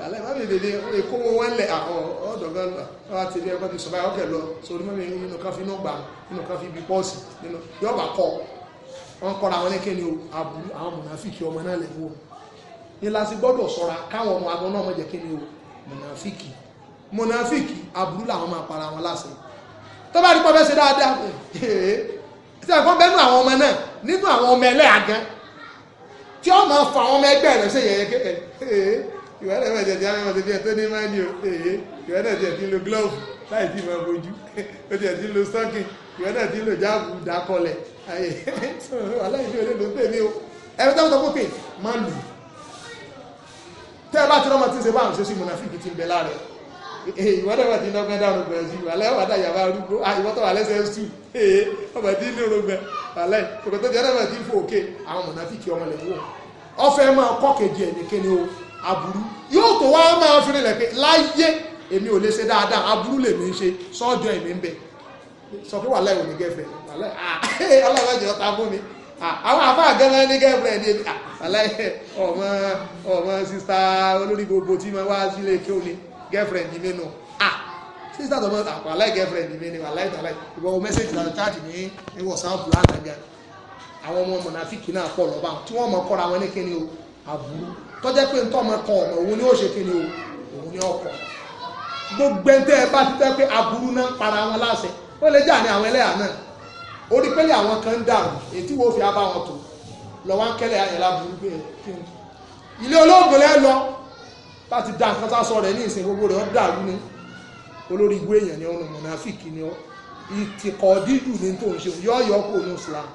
lálẹ́ má bèbè ní ìkówó wọn lẹ̀ ah, ọ̀dọ̀gán ah, náà ti rí ẹgbẹ́ ti sọ̀bá ọ̀kẹ́ lọ sórí mọ́mí inú kan fi inú gbà inú kan fi ibi pọ́ọ̀sì nínú yóò bá kọ́ wọn kọ́ra wọn ní kíni àbúrú àwọn mùnàfíkì ọmọ náà lẹ̀ wò ní láti gbọ́dọ̀ sọ́ra káwọn ọmọ agbọ́n náà mọ̀ jẹ́ kíni o mùnàfíkì mùnàfíkì àbúrú làwọn máa para wọn láṣẹ tó bá rí pọ́ fẹ́sẹ̀ dáadáa eh, tí ẹ̀kọ́ bẹ́nu àwọn ọmọ náà nínú àwọn ọmọ ẹlẹ́àgán tí ọmọ fa àwọn ọmọ ẹgbẹ́ rẹ̀ ṣe yẹ̀yẹ́ ìwà náà bẹ̀rẹ̀ jẹ̀jẹ̀ àwọn ọmọdé bí ẹ tó ní máa ní o èyí ìwà náà jẹ̀ ti lo glove láì tí máa bojú ó jẹ̀ ti lo stocking ìwà náà ti lo jáàbù dákọlẹ̀ ayé aláìsí olè ló ń pè mí o ẹ̀rọ tó ń tọ́ pé máa lù tẹ́ ẹ bá ti rọ́mọ tí ń ṣe báwọn ṣe sí mọ̀nàfíìkì ti ń bẹ láàrẹ̀ ìwọ náà wà ní nọgbẹ dáhùn gbẹ sí wàlẹ wà dá yàrá arúgbó ìwọ tó wà lẹsẹ sù ee ọmọ tí ní orun gbẹ wàlẹ tòkòtò jẹ náà wà tí ń fò òkè àwọn mọnàfíkì ọmọ lẹ́yìn o ọfẹ máa kọ kejì ẹnikẹni o aburú yóò tó wá máa fi rinlẹ̀ pé láyé èmi ò lè ṣe dáadáa aburú lèmi ń ṣe sọ́jọ́ èmi ń bẹ sọ pé wàhálà ìwòní gẹ́fẹ̀ ah, ọlọ́run ọjọ́ ta fún mi ah, àwọn àfáà gẹ́gẹ́ ní gẹ́fẹ̀ ní ebi wàhálà ọmọ ọmọ sista olórí gbogbo tí ma wá sílé kí ó ní gẹ́fẹ̀ ní mímu sista tọmọ àpàlà gẹ́fẹ̀ ní ah, mímu wàhálà ìtàlẹ̀ ìwọ mẹ́sẹ̀jì láti chaájì ní ní wọ̀sán àwọn ọmọ mọ̀nàfíkì náà pọ̀ lọ́ba tí wọ́n mọ̀ kọ́ra wọn ní kíni o aburú tọ́jẹ́ pé ntọ́ ọmọ kan ọmọ òun ni ó ṣe kí ni o òun ni ọkọ gbogbo ẹntẹ́ ẹ bá ti tẹ́ pé aburú náà para wọn láṣẹ ó lè jà ní àwọn ẹlẹ́yà náà ó rí pẹ́lẹ́ àwọn kan ń dàrú ètí wo fi abá wọn tó lọ́wọ́ kẹ́lẹ́ ayẹ̀lá burú gbé kí n ilé olóògùn lẹ́ lọ láti dá nǹkan tá a sọ rẹ̀ ní ìsìn gbogbo rẹ̀ ó dàrú ni olórí igbó èèyàn ni ọ̀nà mọ̀nàfíìkì ni ọ ìtìkọ̀ dídù ní tó ń ṣe yọ̀ọ̀yọ̀ kò ní Islam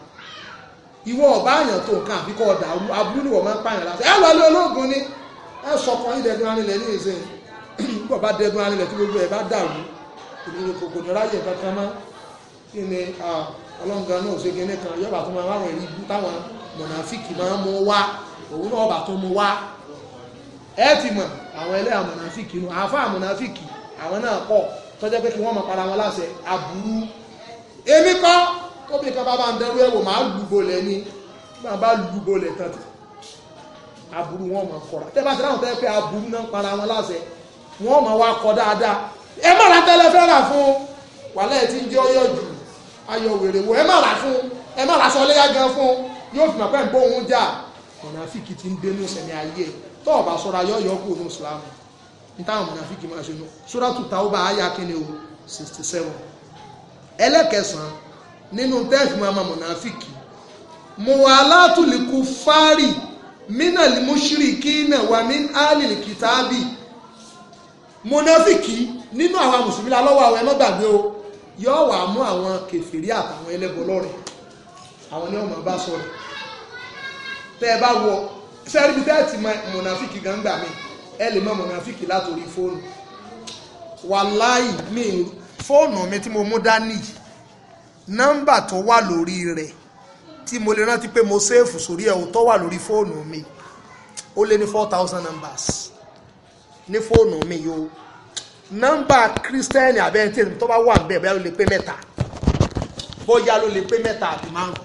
ìwọ ọba àyàn tó nǹkan àbíkọ ọdà abúlé ni wọn máa ń pààyàn láti ẹ ni ẹ sọkọ yín dẹdun arinlẹ ní ìsìn nígbà bá dẹdun arinlẹ tí gbogbo ẹ bá dàrú ìdílé kòkò ní ráyè kankan mọ kí ni ọlọ́ngàn náà ṣe kan yọba tó máa wáwọn ìlú táwọn mọ̀nàfíìkì máa ń mú wá òun náà ọba tó mú wá ẹ ti mọ̀ àwọn ẹlẹ́yà mọ̀nàfíìkì nù àáfàá mọ̀nàfíìkì àwọn náà pọ̀ tọ́jọ́ pé tóbi kan bá bá ń dẹrú ẹ̀wò máa lùbọ̀lẹ̀ ni máa bá lùbọ̀lẹ̀ tán aburú wọn máa kọ́ra tẹ́ bá ti ráhùn tẹ́ pé aburú náà para wọn láṣẹ wọn máa wá kọ́ dáadáa ẹ má ra tẹ́lẹ̀ fẹ́ rà fún wàhálà ti ń jẹ́ ọyọ́ jù ayọ̀ wèrè wo ẹ má ra fún ẹ má ra sọ léyà gan fún yóò fi màpẹ́ nbó òun jà mọ̀nàfíkì ti ń dé ní sẹ̀mí ayé tọ́ ọ̀bà sọ́ra yọ̀ọ̀yọ̀ kú òun ìsìlámù nítawọn mọ̀nàfíkì máa ṣe nù sóràtù Tawba àyà kíni o sixty seven ẹlẹ́kẹsàn-án nínú tẹ́ẹ̀fì máa máa mọ̀nàfíkì muwalátùlì kufari mínàlì mushrikina wà mí álìlì kìtàbì mọ̀nàfíkì nínú àwọn mùsùlùmí la lọ́wọ́ àwọn ẹmọ́ gbàgbé o yóò wà mú àwọn kèfèrí àtàwọn ẹlẹ́bọ̀lọ́rẹ̀ àwọn ni wọ́n máa bá sọ̀rọ̀ tẹ́ ẹ bá wọ sẹ́rí bíi tẹ́ẹ̀tì mọ̀nàfíkì gangba mi ẹ lè mọ mọ̀nàfíkì látòrí fóònù wàláì mi fóònù mi tí mo mú dání yìí nọ́mbà tó wà lórí rẹ̀ tí mo lè rántí pé mo séèfù sórí ẹ̀ tó wà lórí fóònù mi ó lé ní four thousand numbers ní fóònù mi yóò nọ́mbà kírísítẹ́nì abẹ́ntẹ́ni tó bá wà bẹ́ẹ̀ bóyá ló lè pé mẹ́ta bóyá ló lè pé mẹ́ta àti márùn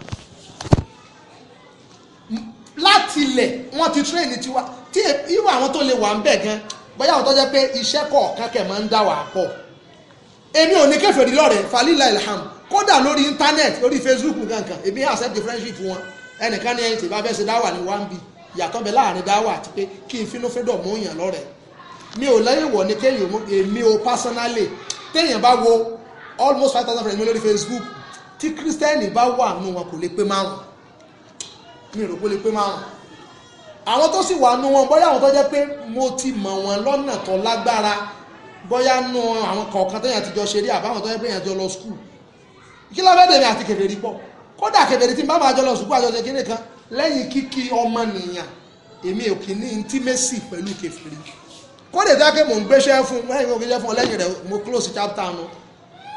láti ilẹ̀ wọ́n ti tírẹ́ẹ̀nì tiwa tí irú àwọn tó lè wà ń bẹ̀ gan bóyá àwọn tó jẹ́ pé iṣẹ́ kọ̀ọ̀kan kẹ̀ máa ń dá wà pọ̀ èmi ò ní kẹfẹ́ rí lọ́rẹ̀ẹ́ falila ilham kódà lórí internet lórí facebook nǹkan kan èmi accept the friendship wọn ẹnìkan ní ẹyìn tí bá fẹ́ ṣe dáwà ní one b yàtọ̀ bẹ láàrin dáwà àti pé kí n fínú fídọ̀ mú yàn lọ́rẹ̀ mi ò lẹ́yìn wọ̀ ni kéèyàn èmi o personally téèyàn bá wo almost five thousand friends mi lórí facebook tí kírísítẹ́nì bá wà nù wọn kò lè pé márùn mi rò pé lè pé márùn àwọn tó sì wà nù wọn bóyá àwọn tó jẹ́ pé mo ti mọ̀ wọn lọ́nà tó lágbára bóyá nù àwọn kọ̀ọ̀kan téèyàn ti jọ ṣeré àbáwọn tó jẹ́ pé èèyàn jọ lọ school kí ló fẹ́ dèmi àti kèfèrí pọ̀ kódà kèfèrí tí n bá máa jọ lọ sùkú àjọṣe kíni kan lẹ́yìn kíkí ọmọnìyàn èmi ò kì í ní intimacy pẹ̀lú kèfèrí kódà ìdá pé mò ń gbéṣẹ́ fún lẹ́yìn ògbéṣẹ́ fún lẹ́yìn rẹ̀ mo close chapter nu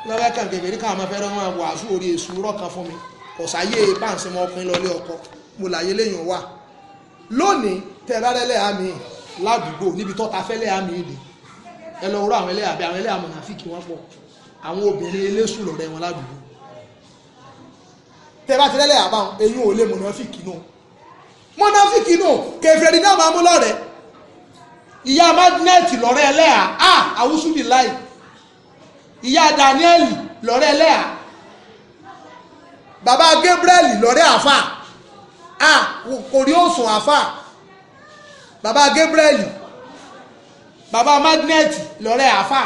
lọ́wọ́ kan kèfèrí kan àmọ́ fẹ́ràn wọn wàásù orí èṣù rọ̀ kan fún mi kọ̀sáyé báǹsì mọ ọkùnrin lọ lé ọkọ mo làyé léyìn wà lónìí tẹ bá rẹ lẹ́yà mi ládùúgbò níbi tọ́ta fẹ́ lẹ́yà mi dé ẹ lọ rọ wọn ládùúgbò tẹ bá ti lẹ́lẹ̀ àbáwọn eyín ò lè mọ̀nàfíìkì nù mọ̀nàfíìkì nù kẹfìrẹ́ni náà máa mú lọ́rẹ̀ ìyá magnẹ́ẹ̀tì lọ́rẹ́ ẹlẹ́à á àwùsùnì láì ìyá daniẹ́lì lọ́rẹ́ ẹlẹ́à bàbá gabriel lọ́rẹ́ àfà á kò rí òsùn àfà bàbá gabriel bàbá magnẹ́ẹ̀tì lọ́rẹ́ àfà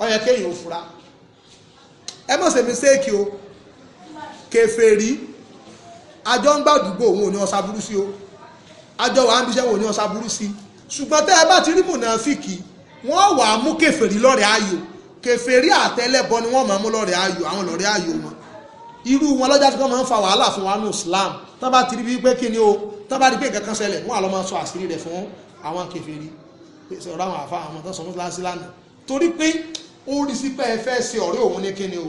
ó yẹ kéèyàn ó fura ẹ mọ̀ sẹ́mi séèkì o kèfèrí àjọ ń gbàdúgbò òun ò ní ọ̀sà burú sí o àjọ wà ń bíṣẹ́ òun ò ní ọ̀sà burú sí ṣùgbọ́n tẹ́ ẹ bá ti rí mùnàfíkì wọ́n wà á mú kèfèrí lọ́rẹ̀ ayò kèfèrí àtẹlẹ́bọ ni wọ́n máa mú lọ́rẹ̀ ayò àwọn lọ́rẹ̀ ayò wọn irú wọn lọ́jà tí wọ́n máa ń fa wàhálà fún wa ní Islam tán bá ti rí wípé kí ni o tán bá rí pé nǹkan kan ṣẹlẹ̀ wọ́n á lọ máa sọ àṣírí rẹ̀ fún àwọn kèfèrí ọ̀rọ̀ àwọn àfa àwọn tó sọ fún láńsí lánàá torí pé ó rí sí pé ẹ fẹ́ ṣe ọ̀rẹ́ òun ní kí ni o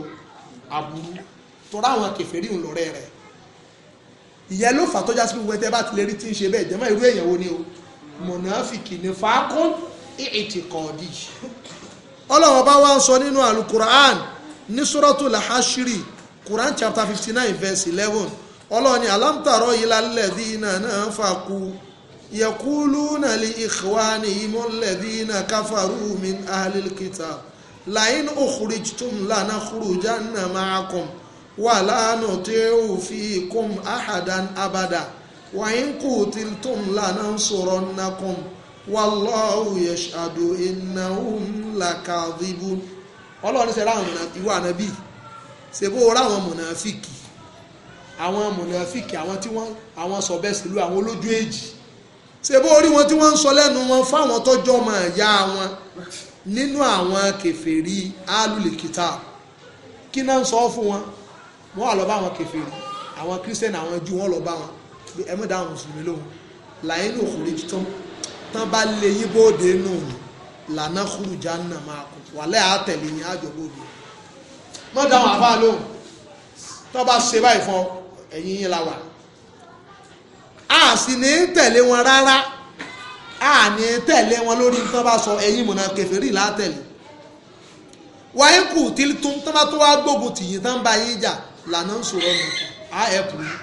aburú torí àwọn kèfèrí ń lọ́rẹ́ rẹ̀ ìyẹn ló fà tó já sí gbogbo ẹtẹ bá ti lè rí tí ń ṣe bẹ́ẹ̀ jẹ́mọ́ irú èèyàn wo ni o mọ̀nàfìkì ní fàákún ìtì kọ̀ọ̀dì ọlọ́run ọba wa ń sọ nínú alukur'an ní sọ́rọ́tù làhásírì quran chapter fifty nine verse eleven ọlọ́run ni alámtàrọ́ yìí lálẹ́ dínà náà fàkú yẹkúlú náà lè ìkọ́wá ní ìmọ̀lẹ́ dínà káfàrú min ahlil kitab làyín òkúrìjìtùm lánàá kúrò jáná máa kọ́m. ولا نطيع فيكم أحدا أبدا وإن قتلتم لننصرنكم والله يشهد إنهم لكاذبون ọlọ́run ṣe ráwọn ìwọ ànábì ṣe bó ráwọn mọ̀nàfíkì àwọn mọ̀nàfíkì àwọn tí wọ́n àwọn sọ̀bẹ́sìlú àwọn olójú èjì ṣe bó rí wọn tí wọ́n ń sọ lẹ́nu wọn fáwọn tọ́jọ́ máa yá wọn nínú àwọn kèfèrí alùlẹ̀kìtà kí náà ń sọ fún wọn wọ́n wà lọ bá àwọn kèfèrí àwọn kírísítẹ́nì àwọn jù wọ́n lọ bá wọn ẹ mọ̀ dáhùn mùsùlùmí lóhùn làyín ní òkúri tán tán bá lé yín bóde nù lànà kúrújà náà máa kù wàlẹ́ àtẹ̀lé yín àjọ bóde mọ̀ dáhùn àbá lóhùn tán bá ṣe báyìí fún ẹ̀yìn yín la wà á sì ní tẹ̀lé wọn rárá á ní tẹ̀lé wọn lórí tán bá sọ ẹ̀yìn mọ̀nà kèfèrí látẹ̀lé wáyé kù tí tán bá tó wá gbógun tìyín tán bá yín jà lànà ń sọ̀rọ̀ nù á ẹ̀pù ní.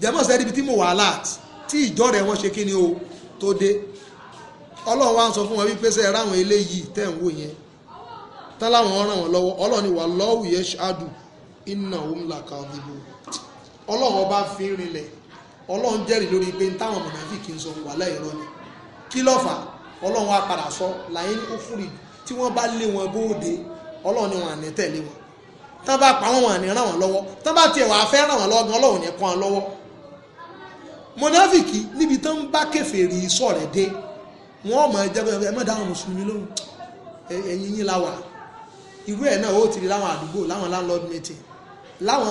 jẹ́mọ̀ sẹ́ni ibi tí mo wà alert tí ìjọ rẹ̀ wọ́n ṣe kí ni o tó dé ọlọ́run wa ń sọ fún wọn wípé sẹ́ẹ̀ ráwọn eléyìí tẹ̀ ń wò yẹn tán láwọn ràn wọ́n lọ́wọ́ ọlọ́run ni wà lọ́wù yẹn ṣáàdù iná òun là kà dìbò ọlọ́run ọba fi ń rinlẹ̀ ọlọ́run jẹ́rìí lórí pé táwọn mọ̀nàfíkì ń sọ wà lẹ́yìnrọ́ ni kí lọ́fà ọlọ́run wa padà sọ làyín ó fúri tí wọ́n bá lé wọn bóde ọlọ́run ni wọn à tẹ̀lé wọn tán bá pa wọn wọn ní ràn wọn lọ́wọ́ tán bá tiẹ̀ wàá fẹ́ ràn wọn lọ́wọ́ gan ọlọ́run ní kàn án lọ́wọ́ mọ̀nàfìkì níbi tán ń bá kẹfẹ́rì sọ̀rẹ̀ dé wọ́n mọ̀ ẹjẹ́ pé ẹ má dáhùn mùsùlùmí lóhùn ẹ̀yìn yín la wà irú ẹ̀ náà ó ti rí láwọn àdúgbò láwọn landlord meeting láwọn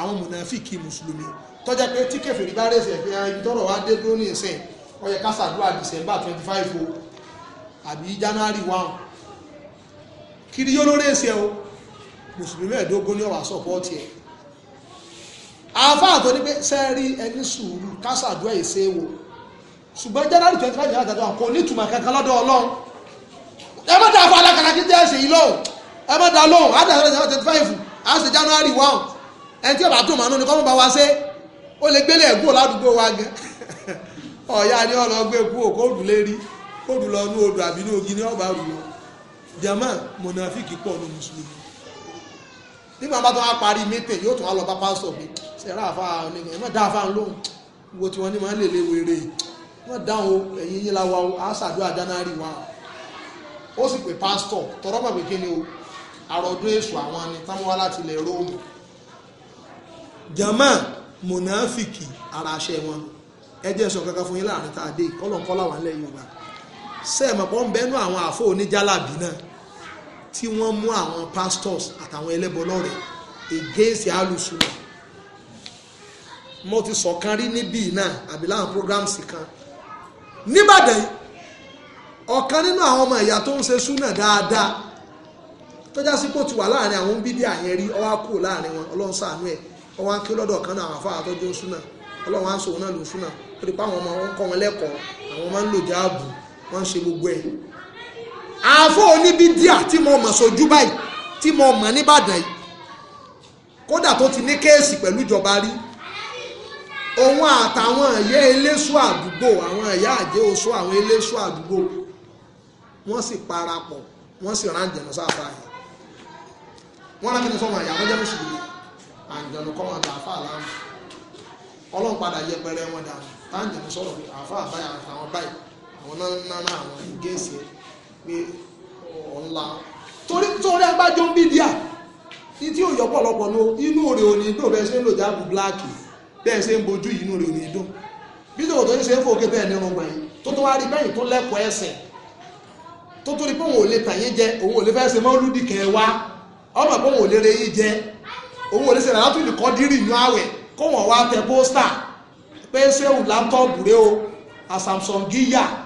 àwọn mọ̀nàfìkì mùsùlùmí tọ́jà pé tí kẹfẹ́rì bá rẹ̀ sẹ̀ pé ibi tọ́rọ̀ wá dé dúró ní ìsìn ó yẹ ká ṣàdúrà december twenty five o àbí january one kiri yóò lórí ẹsẹ̀ mùsùlùmí mẹ́ẹ̀ẹ́dógún ní ọ̀rọ̀ àsọ̀pọ̀ọ̀tì ẹ̀ àáfáà tó ní pé sẹ́ẹ̀rí ẹni sùúrù kásàdúrà èsè wò ṣùgbọ́n january twenty five january twenty one kò ní ìtumọ̀ kankan lọ́dọ̀ ọlọ́run ẹ má da afọ alákàlà kí tẹ́ ẹ ṣe yìí lọ́hùn ẹ má da lọ́hùn á dàgbà january twenty five á ṣe january one ẹni tí ọba tó màánú ni kọ́mọ́ bá wa ṣe ó lè gbélé ẹ̀gbọ́n ládùúgbò wa gan ọ̀ya ni ọ̀nà ọgbẹ́ kú ò kóòdù lérí kóòdù lọ inú odò àbí inú ogi ní ọba rù lọ jama mọ̀nàfíìkì bí màmá tó wá parí mítìn yóò tún wá lọ bá pásítọ̀ pé sẹ́rà àfa onígbà ẹ̀ má dá àfa lóhùn wo tí wọ́n ní máa ń lè lè wéré wọ́n dáhùn ẹ̀yìn yín láwa àṣàdúrà jánárì wa ó sì pé pásítọ̀ tọrọ pàpẹ́ kí ni o àròdún èso àwọn ni táwọn wá láti ilẹ̀ róòmù jama monafiki ara aṣẹ wọn ẹ jẹ́ sọ kankan fún yín láàrin tá a dé kọlọńkọlà wà nílẹ̀ Yorùbá sẹẹmọ pọ ń bẹnu àwọn àfọ oníjàlábì náà tí wọ́n mú àwọn pastors àtàwọn ẹlẹ́bọ lọ́rẹ̀ against alùsùnà mo ti sọ̀kan rí níbí náà àbí láwọn programs kan níbàdàn ọ̀kan nínú àwọn ọmọ ìyá tó ń ṣe súnà dáadáa tó já sí pò ti wà láàrin àwọn bíbí àyẹn rí ọwá kú láàrin wọn ọlọ́run ṣàánú ẹ̀ ọwá ń kí lọ́dọ̀ kan náà àwọn afárá tó jó ń súnà ọlọ́run á ń sòwò náà ló ń súnà ó ti pa àwọn ọmọ wọn kọ́ wọn lẹ́kọ̀ọ́ àwọn ọmọ ń lò jáàbù wọ́n ń ṣe gbogbo ẹ̀ àáfọ̀ oníbi díà tí mo mọ̀ sójú báyìí tí mo mọ̀ nìbàdàn yìí kódà tó ti ní kéèsì pẹ̀lú ìjọba rí òun àtàwọn ẹ̀yẹ eléṣù àdúgbò àwọn ẹ̀yà àjẹ́ oṣù àwọn eléṣù àdúgbò wọ́n sì parapọ̀ wọ́n sì rán àjẹ̀nù sáfà yìí wọ́n rán mẹ́tọ́ sọ́wọ́n àyàwó jẹ́ mùsùlùmí àjẹ̀nù kọ́ wọn dàáfà láàmù ọlọ́run padà yẹ pẹrẹ wọn dànù táǹjẹ̀nù sọ̀rọ̀ pé àáfà àbáyà àtàwọn báyìí àwọn náà ń náà àwọn ìgéèsì ẹ̀ pé ọ̀la torí torí agbájọ ń bí díà ní tí òyọ́ pọ̀lọpọ̀ ní inú rẹ̀ ò ní dùn bẹ́ẹ̀ ṣe ń lò jáàbù bíláàkì bẹ́ẹ̀ ṣe ń bojú inú rẹ̀ ò ní dùn bí tòwò tó ń ṣe ń fòkè bẹ́ẹ̀ nínú gbọ̀n yìí tó tó wá rí bẹ́yìn tó lẹ́kọ̀ọ́ ẹ̀sẹ̀ tó tó rí pé òun ò lè tàyé jẹ òun ò lè fẹ́ ṣe mọ́lúdì kẹwàá ọmọ pé òun ò lè reyé jẹ òun ò lè ṣe làlátùlù kọ́ dírì inú àwẹ̀ kó wọ́n wá tẹ pósítà pé ṣéwù láńtọ́ọ̀bù rẹ o àsàmsọ̀ngíyà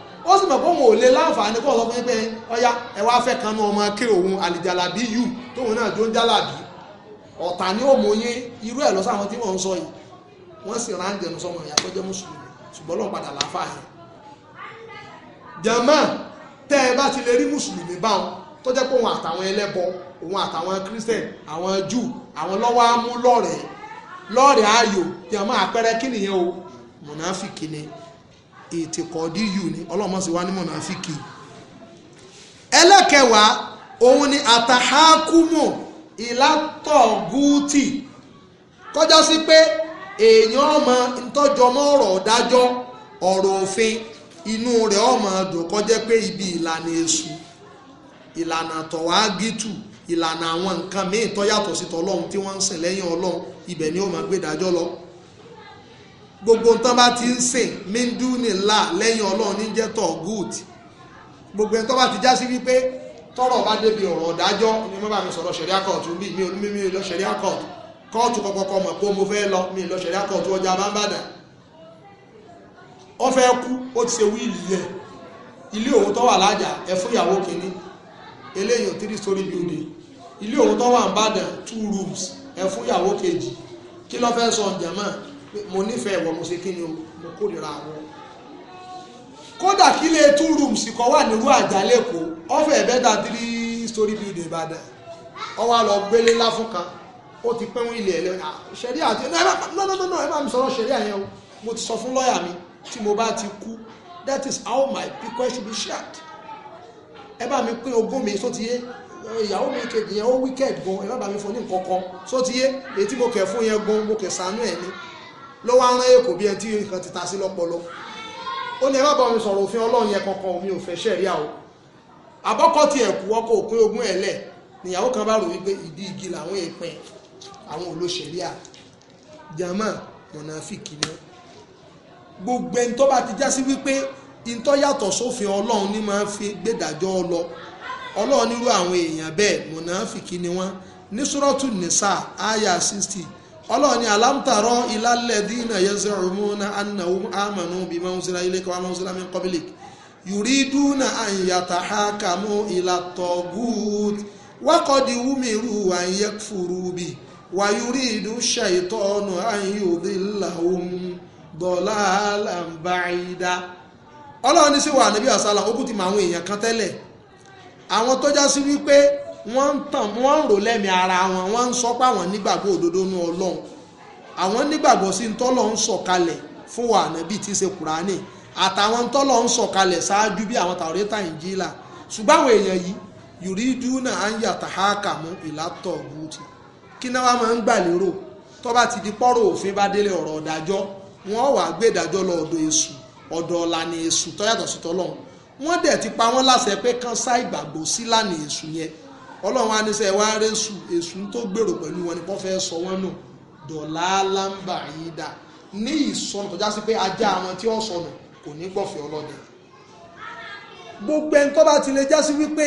ó sì mọ̀ pé òun ò lè láǹfààní kó sọ fún pé ọya ẹ wá fẹ́ kanú ọmọ kí òun àlìjàlábí yù tóun náà jó ń jálàbí ọ̀tà ni ó mú yín irú ẹ̀ lọ sáwọn tí wọ́n ń sọ yìí wọ́n sì ráńjẹ nu sọmọ ìyá tọ́jọ́ mùsùlùmí ṣùgbọ́n lọ́n padà láǹfà yẹn. jama tẹ́ ẹ bá ti lè rí mùsùlùmí báwọn tó jẹ́ pé òun àtàwọn ẹlẹ́bọ òun àtàwọn kírísítẹ̀n àwọn júù àwọn lọ́wọ́ á mú lọ́rẹ̀ẹ́ lọ́rẹ̀ẹ́ ayò jama àpẹẹrẹ kí nìyẹn o ìtìkọ̀dí yù ni ọlọ́mọ̀sí wa ní mọ̀nàfíkì ẹlẹ́kẹwàá òun ni àtàhákùmọ̀ ìlàtọ̀gùtì kọjá sí pé èèyàn ọmọ ntọ́jọmọ́ ọ̀rọ̀ dájọ́ ọ̀rọ̀ òfin inú rẹ̀ ọmọ dùn kọjá pé ibi ìlànà èṣù ìlànà tọ̀wágìtù ìlànà àwọn nǹkan míì tó yàtọ̀ sí tọlọ́run tí wọ́n ń sìn lẹ́yìn ọlọ́run ibẹ̀ ni ó máa gbé dájọ́ lọ gbogbo tán bá ti ń sìn mindu nìlá lẹ́yìn ọlọ́run ní jẹ́ tọ̀ good gbogbo tán bá ti já sí wípé tọ́rọ̀ bá débi ọ̀rọ̀ ọ̀dájọ́ ni mo bá mi sọ̀rọ̀ sẹ̀ríà kóòtù mi mi ò mi lọ sẹ̀ríà kóòtù kóòtù kọ̀kọ̀kọ̀ mọ̀ pé mo fẹ́ lọ mi lọ sẹ̀ríà kóòtù ọjà bá ń bàdàn ó fẹ́ kú ó ti ṣe wíìlì yẹn ilé òun tó wà lájà ẹ fún ìyàwó kìíní eléyìí three story building ilé òun tó wà ń bàdàn two rooms ẹ fún ìyàwó kejì kí ló fẹ́ sọ ǹjẹ́ mọ́ mo nífẹ̀ẹ́ ìwọ mo ṣe kí ni mo kórìíra àwọn kódà kí lè two rooms kọ wà nírú àjálẹ̀kọ́ ọ̀fẹ́ ẹ̀bẹ́ta three story building Ìbàdàn ọwọ́ àlọ́ gbélé láfúnka ó ti pẹ́wọ́n ilé ẹ̀lẹ́ ah, ṣẹ̀rí àti nọ́nọ́nọ́nọ́ ẹ bá mi sọ̀rọ̀ ṣẹ̀rí àyẹn o mo ti sọ fún lọ́ọ̀yà mi tí mo bá ti kú that is how my request should be shared ẹ bá mi pín ogún mi sótìyé ìyàwó mi kejì yẹn ó wicked gan ẹ bá mi fún ní nǹkan kan sótìyé èyí tí mo kẹ̀ fún yẹn gan mo kẹ̀ sànú ẹ̀ ni ló wá rán èkó bí ẹni tí nǹkan ti ta sí lọ́pọlọ ó ní ẹ má bá mi sọ̀rọ̀ òfin ọlọ́run yẹn kankan mi ò fẹ́ ṣẹ̀ríà o àbọ́kọ́ ti ẹ̀kú ọkọ̀ òpin ogún ẹ̀ lẹ̀ níyàwó kan bá rò wípé ìdí igi làwọn èèpẹ̀ àwọn olóṣèlú à jama mọ̀nàfíkì ni gbogbo ẹni tó bá ti já sí wípé ìtọ́ yàtọ̀ sófin ọlọ́run ní máa ń fi gbèdàjọ́ lọ ọlọ́run nírú àwọn èèyàn bẹ́ẹ̀ mọ̀nàfíkì ni wọ́n ní sùrọ́tù nìsà àyà sixty ọlọ́run ni alámtàrọ́ ilálẹ́dínà yẹsẹ̀ ọ̀múnà anáwó àmànú bí mọ́nsílá ilé kọ́wá mọ́nsílá min qablik yuriduna an yatahakamu ila togut wakọ̀dí wúmirú an yakfurubi wa yuridu ṣàìtọ́nù an yudillahum dalalan ba'ida ọlọ́run ní sí wà níbi àsálà ó kù ti mọ àwọn èèyàn kan tẹ́lẹ̀ àwọn tó já sí wípé wọ́n ń tàn wọ́n ń rò lẹ́mí ara wọn wọ́n ń sọ pé àwọn nígbàgbọ́ òdodo nu ọlọ́run àwọn nígbàgbọ́ sí ń tọ́lọ̀ ń sọ̀kalẹ̀ fún wa ànábì tí í ṣe kùránì àtàwọn tọ́lọ̀ ń sọ̀kalẹ̀ ṣáájú bí àwọn tàwọ́rẹ́tà ìnjílà ṣùgbọ́n àwọn èèyàn yìí yùrídú náà á ń yàtà háàkà mú ìlàtọ̀ bùtì kí náà wá máa ń gbà lérò tó bá ti di pọ́rọ̀ òfin bá délé ọ̀rọ̀ ìdájọ́ wọn wàá gbé ìdájọ́ lọ ọ̀dọ̀ èṣù ọ̀dọ̀ ọ̀lànà èṣù tó sí tọ́lọ́run wọ́n dẹ̀ ti pa wọ́n láṣẹ pé kán sá ìgbàgbọ́ sí lánàá èṣù yẹn ọlọ́run aníṣẹ́ wa rẹ́sù èṣù tó gbèrò pẹ̀lú wọn ni kò fẹ́ sọ wọn nù dọ̀là lámbà yìí dà ní ìsọnù tó já sí pé ajá àwọn tí ó sọnù kò ní gbọ̀fẹ́ ọlọ́dẹ gbogbo ẹni tó bá ti lè já sí wípé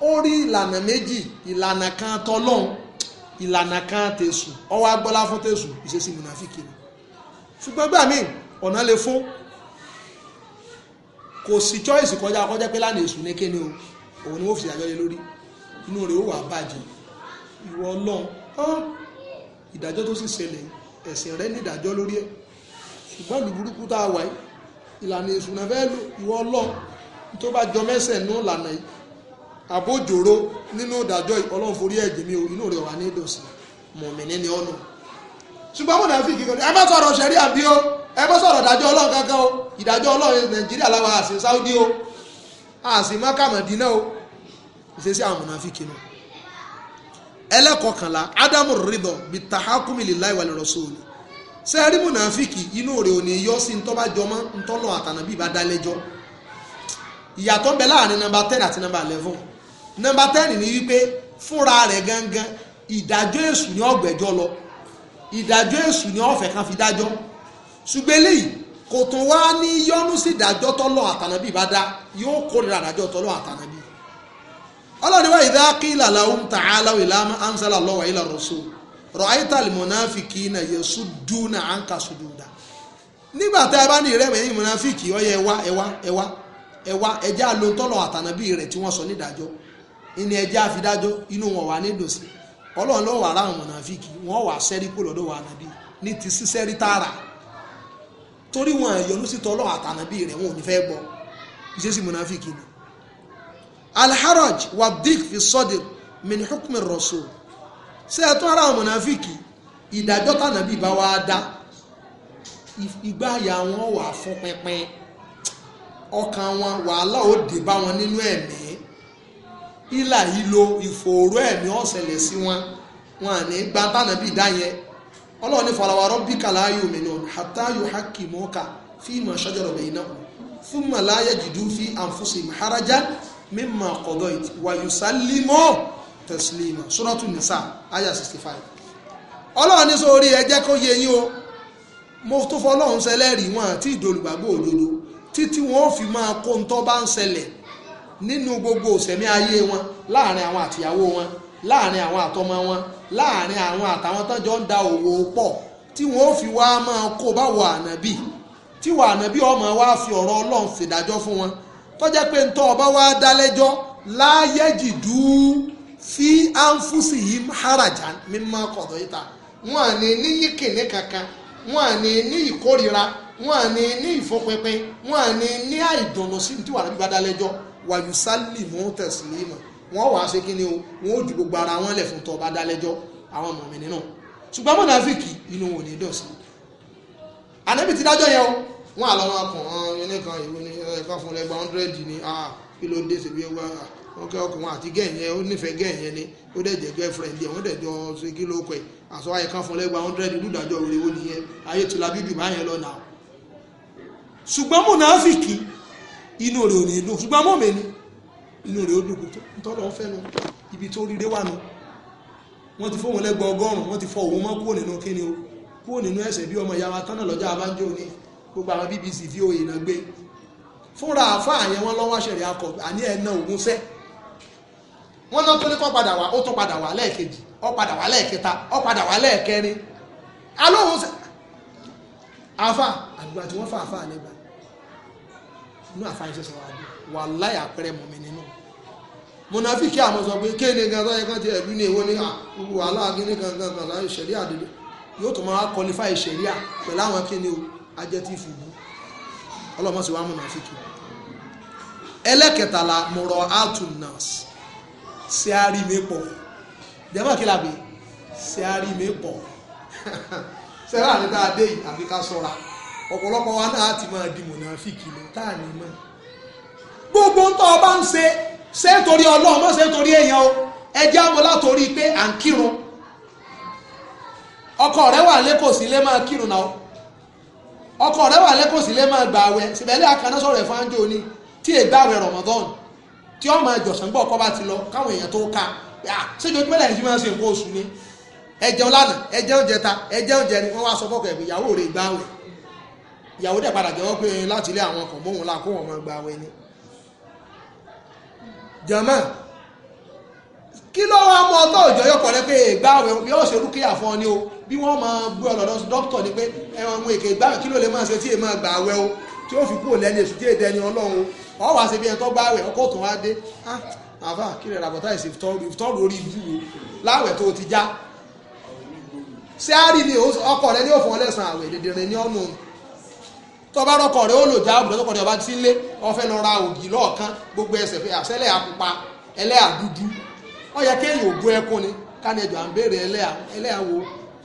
ó rí ìlànà méjì ìlànà kan tọlọ́run ìlànà kan tẹ̀sù ọwọ́ agbọ́lá fún tẹ̀sù ìṣesí mùnàfíkì ni ṣùgbọ́n gbà míì ọ̀nà le fún kò sí choice kọjá kọjá pé lánàá èṣù ní kíni o òun ni wọ́n fi àjọyẹ lórí inú rẹ̀ ó wà bàjẹ́ ìwọ ọlọ́run ọ́n ìdájọ́ tó sì ṣẹlẹ̀ ẹ̀sìn rẹ̀ ní ìdájọ́ lórí ẹ̀ ṣùgbọ́n ìlú burúkú tá a wà yìí ìlànà ìṣúná fẹ́ lò ìwọ ọlọ́run tó bá jọ mẹ́sẹ̀ nú ìlànà yìí àbójòrò nínú ìdájọ́ ọlọ́run forí ẹ̀jẹ̀ mi ò inú rẹ̀ wà ní ìdọ̀sí mọ̀mìnì ni ọ̀nà ṣùgbọ́n mo náà fi kíkan ẹ má sọ̀rọ̀ ṣẹ̀rí àbí o ẹ má sọ̀rọ̀ ìdájọ́ ọlọ́run kankan o ìdájọ́ ọlọ́run nàìjíríà làwọn àṣì sáúdí o àṣì mọ́kàmọ̀dínà o ìṣesí àwọn mùnàfíkì nù ẹlẹ́kọ̀ọ́kànlá ádámù rírọ̀ bí tahakumi lillahi wal rasuli ṣé ẹ rí mùnàfíkì inú rẹ̀ ò ní yọ sí ntọ́ba jọmọ́ ntọ́lọ́ àtànàbí ìbá dálẹ́jọ́ ìyàtọ̀ bẹ láàrin nọmba ten àti nọmba eleven nọmba ten ni wípé fúnra rẹ̀ gangan ìdájọ́ èṣù ni ọ̀gbẹ́jọ́ lọ ìdájọ́ èṣù ni ọ̀fẹ́ kan fi dájọ́ ṣùgbọ́n eléyìí kò tún wá ní yọnu sí ìdájọ́ tọ́lọ́ àtànàbí ìbá dá yóò kórìíra ìdájọ́ tọ́lọ́ àtànàbí ọlọ́run wá ìdá kílà làwọn tààlà ìlànà ansala lọ́wọ́ ilà rọ̀ṣọ́ rọ̀ àìtàlì mọ̀nàfìkì náà yẹ̀sù dúnà àǹkà sùdúdà nígbà tá a bá ní ìrẹ́wẹ̀ yìí mọ̀nàfìkì ọ̀yẹ́ ẹ̀wá ẹ̀wá ẹ̀wá ẹ̀wá ẹ̀já ló ń tọ́lọ̀ àtànàbí rẹ̀ tí wọ́n sọ nídàájọ́ ìní ẹ̀já àfidájọ́ inú wọn wà nídòsí ọlọ́run lọ́wọ́ ara àwọn mọ̀nàfìkì wọ́n wà sẹ́rí kó lọ́dọ̀ wà nàbí ní alharaj wadik fi sọdìr min hukmi rasul ṣé ẹ tún ara àwọn mọ̀nàfíìkì ìdájọ́ tànàbí bá wá dá ìgbà wọn wà fún pínpín ọkàn wọn wàhálà ó wọn nínú ẹ̀mí ìlà ìlò ìfòòró ẹ̀mí ọ̀sẹ̀lẹ̀ wọn wọn à ní gba tànàbí dá fi maharaja mímọ̀ ọ̀kọ̀dọ̀ ìwàyùsá límọ̀ tẹ̀sílímọ̀ sọ́dọ̀tún nìsà àyà 65 ọlọ́run ní sórí ẹ jẹ́ kó yé yín o mo tó fọlọ́run ṣẹlẹ́rìí wọn àti ìdolùgbàgbọ́ òdodo títí wọn ò fi máa kó ntọ́ bá ń ṣẹlẹ̀ nínú gbogbo òsẹ̀mí ayé wọn láàrin àwọn àtìyàwó wọn láàrin àwọn àtọmọ wọn láàrin àwọn àtàwọn tọ́jọ ń da òwò pọ̀ tí wọn ò fi wá máa kó báwo ànábì tí wọn ànábì ọmọ wa fi ọ̀rọ̀ ọlọ́run fìdájọ́ fún kọjá pé ntọ́ ọba wa dá lẹ́jọ́ láàyè jìdú fi ànfúsì yìí harajà mímọ́ kọ̀dọ̀ yìí ta wọn à ní ní yíkìní kankan wọn à ní ní ìkórira wọn à ní ní ìfọpẹpẹ wọn à ní ní àìdùnnú sí tí wàá bá dá lẹ́jọ́ wàyù sálì mú tẹ̀sílímù wọn wàá ṣe kíni o wọn ò ju gbogbo ara wọn lẹ̀ fún tọ́ ọba dá lẹ́jọ́ àwọn mọ̀mìnì náà ṣùgbọ́n mọ̀nàfíìkì inú wọn ò ní dọ̀ sí i ẹ̀ka fún ẹgbàá hundred ni kí ló dé ṣèbí ẹgbàá wọn kẹ́ ọkùnrin àti gẹ̀yìn ó nífẹ̀ẹ́ gẹ̀yìn ni ó dẹ̀ jẹ́ girlfriend ẹ̀ wọ́n dẹ̀ jọ ṣe kí ló kọ̀ ẹ̀ àṣọ ẹ̀ka fún ẹgbàá hundred lùdàjọ́ òrè wo nìyẹn ayé tó la bíbí báyẹn lọ nà. ṣùgbọ́n mùnàfíkì inú rẹ̀ ò ní dùn ṣùgbọ́n mọ́mẹ́ ni inú rẹ̀ ó dùn kó tọ́lọ́ fẹ́ lọ ibi tó rí dé wà nù wọ́n ti fóun lẹ́gbọ́ ọgọ́rùn-ún wọ́n ti fọ òun mọ́ kúrò nínú kíni o kúrò nínú ẹ̀sẹ̀ bí ọmọ ìyá wa tán náà lọ́jà abájọ́ ni gbogbo àwọn BBC VOA náà gbé fúnra àáfàá yẹn wọ́n lọ́wọ́ ṣẹ̀rẹ̀ akọ àní ẹ̀nà ògùn sẹ́ wọ́n náà tó ní kọ́ padà wá ó tún padà wá lẹ́ẹ̀kejì ó padà wá lẹ́ẹ̀kẹta ó padà wá lẹ́ẹ̀kẹrin alóhùn sẹ́ àáfàá àdúrà tí wọ́n fà àáfàá nígbà inú àáfàá yìí ṣẹ̀ṣẹ̀ wà dùn wà láyà pẹ́rẹ́ mọ̀ mi nínú mọ̀nàfíkì àmọ́ sọ pé kéènì gan sáyé kan ti ẹ̀dú ní èwo ní ah, wàhálà gíní kan gan kan láyé ṣẹ̀ríà dédé yóò tún máa qualify ṣẹ̀ríà pẹ̀lú àwọn o ajẹ́ tí fìbú ọlọ́mọ sì wá mùnàfíkì ẹlẹ́kẹtàlá mọ̀rọ̀ altunas ṣe á rí mi pọ̀ jẹ́mọ̀ kí làbí ṣe á rí mi pọ̀ sẹ́rà ní tá a dé yìí àfi ká sọ́ra ọ̀pọ̀lọpọ̀ wa náà ti máa di mùnàfíkì lọ tá à ní mọ́ gbogbo ń tọ́ ọ bá ń ṣe ṣe é torí ọlọ́run mọ́ ṣe é torí èèyàn o ẹ jẹ́ àwọn látòrí pé à ń kírun ọkọ rẹ wà lẹ́kọ̀ọ́ sí máa kírun náà ọkọ rẹ wà lẹ́kọ̀ọ́ sí lè máa gbà àwẹ̀ síbẹ̀lẹ́ àkànná sọ̀rọ̀ ẹ̀fọ́ àjò ni tí è gbà àwẹ̀ Ramadan tí ọmọ ìjọsìn gbọ́ ọkọ bá ti lọ káwọn èèyàn tó ká ṣéjọ ojú mẹ́lẹ̀ yìí máa ń ṣe nǹkan oṣù ni ẹjẹun lánàá ẹjẹun jẹta ẹjẹun jẹni wọn wá sọ fọkọ ẹ̀bí ìyàwó rẹ̀ gbà àwẹ̀ ìyàwó dẹ̀ padà jẹ́wọ́ pé láti ilé àwọn ọkọ̀ mọ́hùn-ún la kó wọn máa gbà àwẹ̀ ni. jama kí ló wá mọ ọtọ òjò yọkọ rẹ pé ìgbàwẹ̀ yóò ṣe rúkìá fún ọ ni o bí wọ́n máa gbé ọ lọ́dọ̀ dókítà ni pé ẹwọn ohun èké ìgbàwẹ̀ kí ló lè máa ṣe tí èèmọ gbà wẹ̀ o tí ó fi kúrò lẹ́ni èṣù tí èdè ẹni Ọlọ́run ọ wá ṣe bí ẹni tó gbàwẹ̀ ọkọ tó wá dé àfà kí lè ràbọ̀tà ìṣe ìfitọ́rù orí ibú wo láwẹ̀ tó ti já ṣé á rí ni ọkọ rẹ ní òfin ọlẹ́sàn àwẹ̀ dèdèrè ní ọ̀nà tó bá rọkọ rẹ ó lò já òbúdó tọkọ rẹ ọba tí ń lé ọfẹ lọ ra ògì lọ́ọ̀kan gbogbo ẹsẹ̀ fẹ́ àṣẹlẹ̀ àpupa ẹlẹ́ àdúdú ó yẹ kéèyàn ògbó ẹkún ni kánẹjọ à ń béèrè ẹlẹ́yà ẹlẹ́yà wo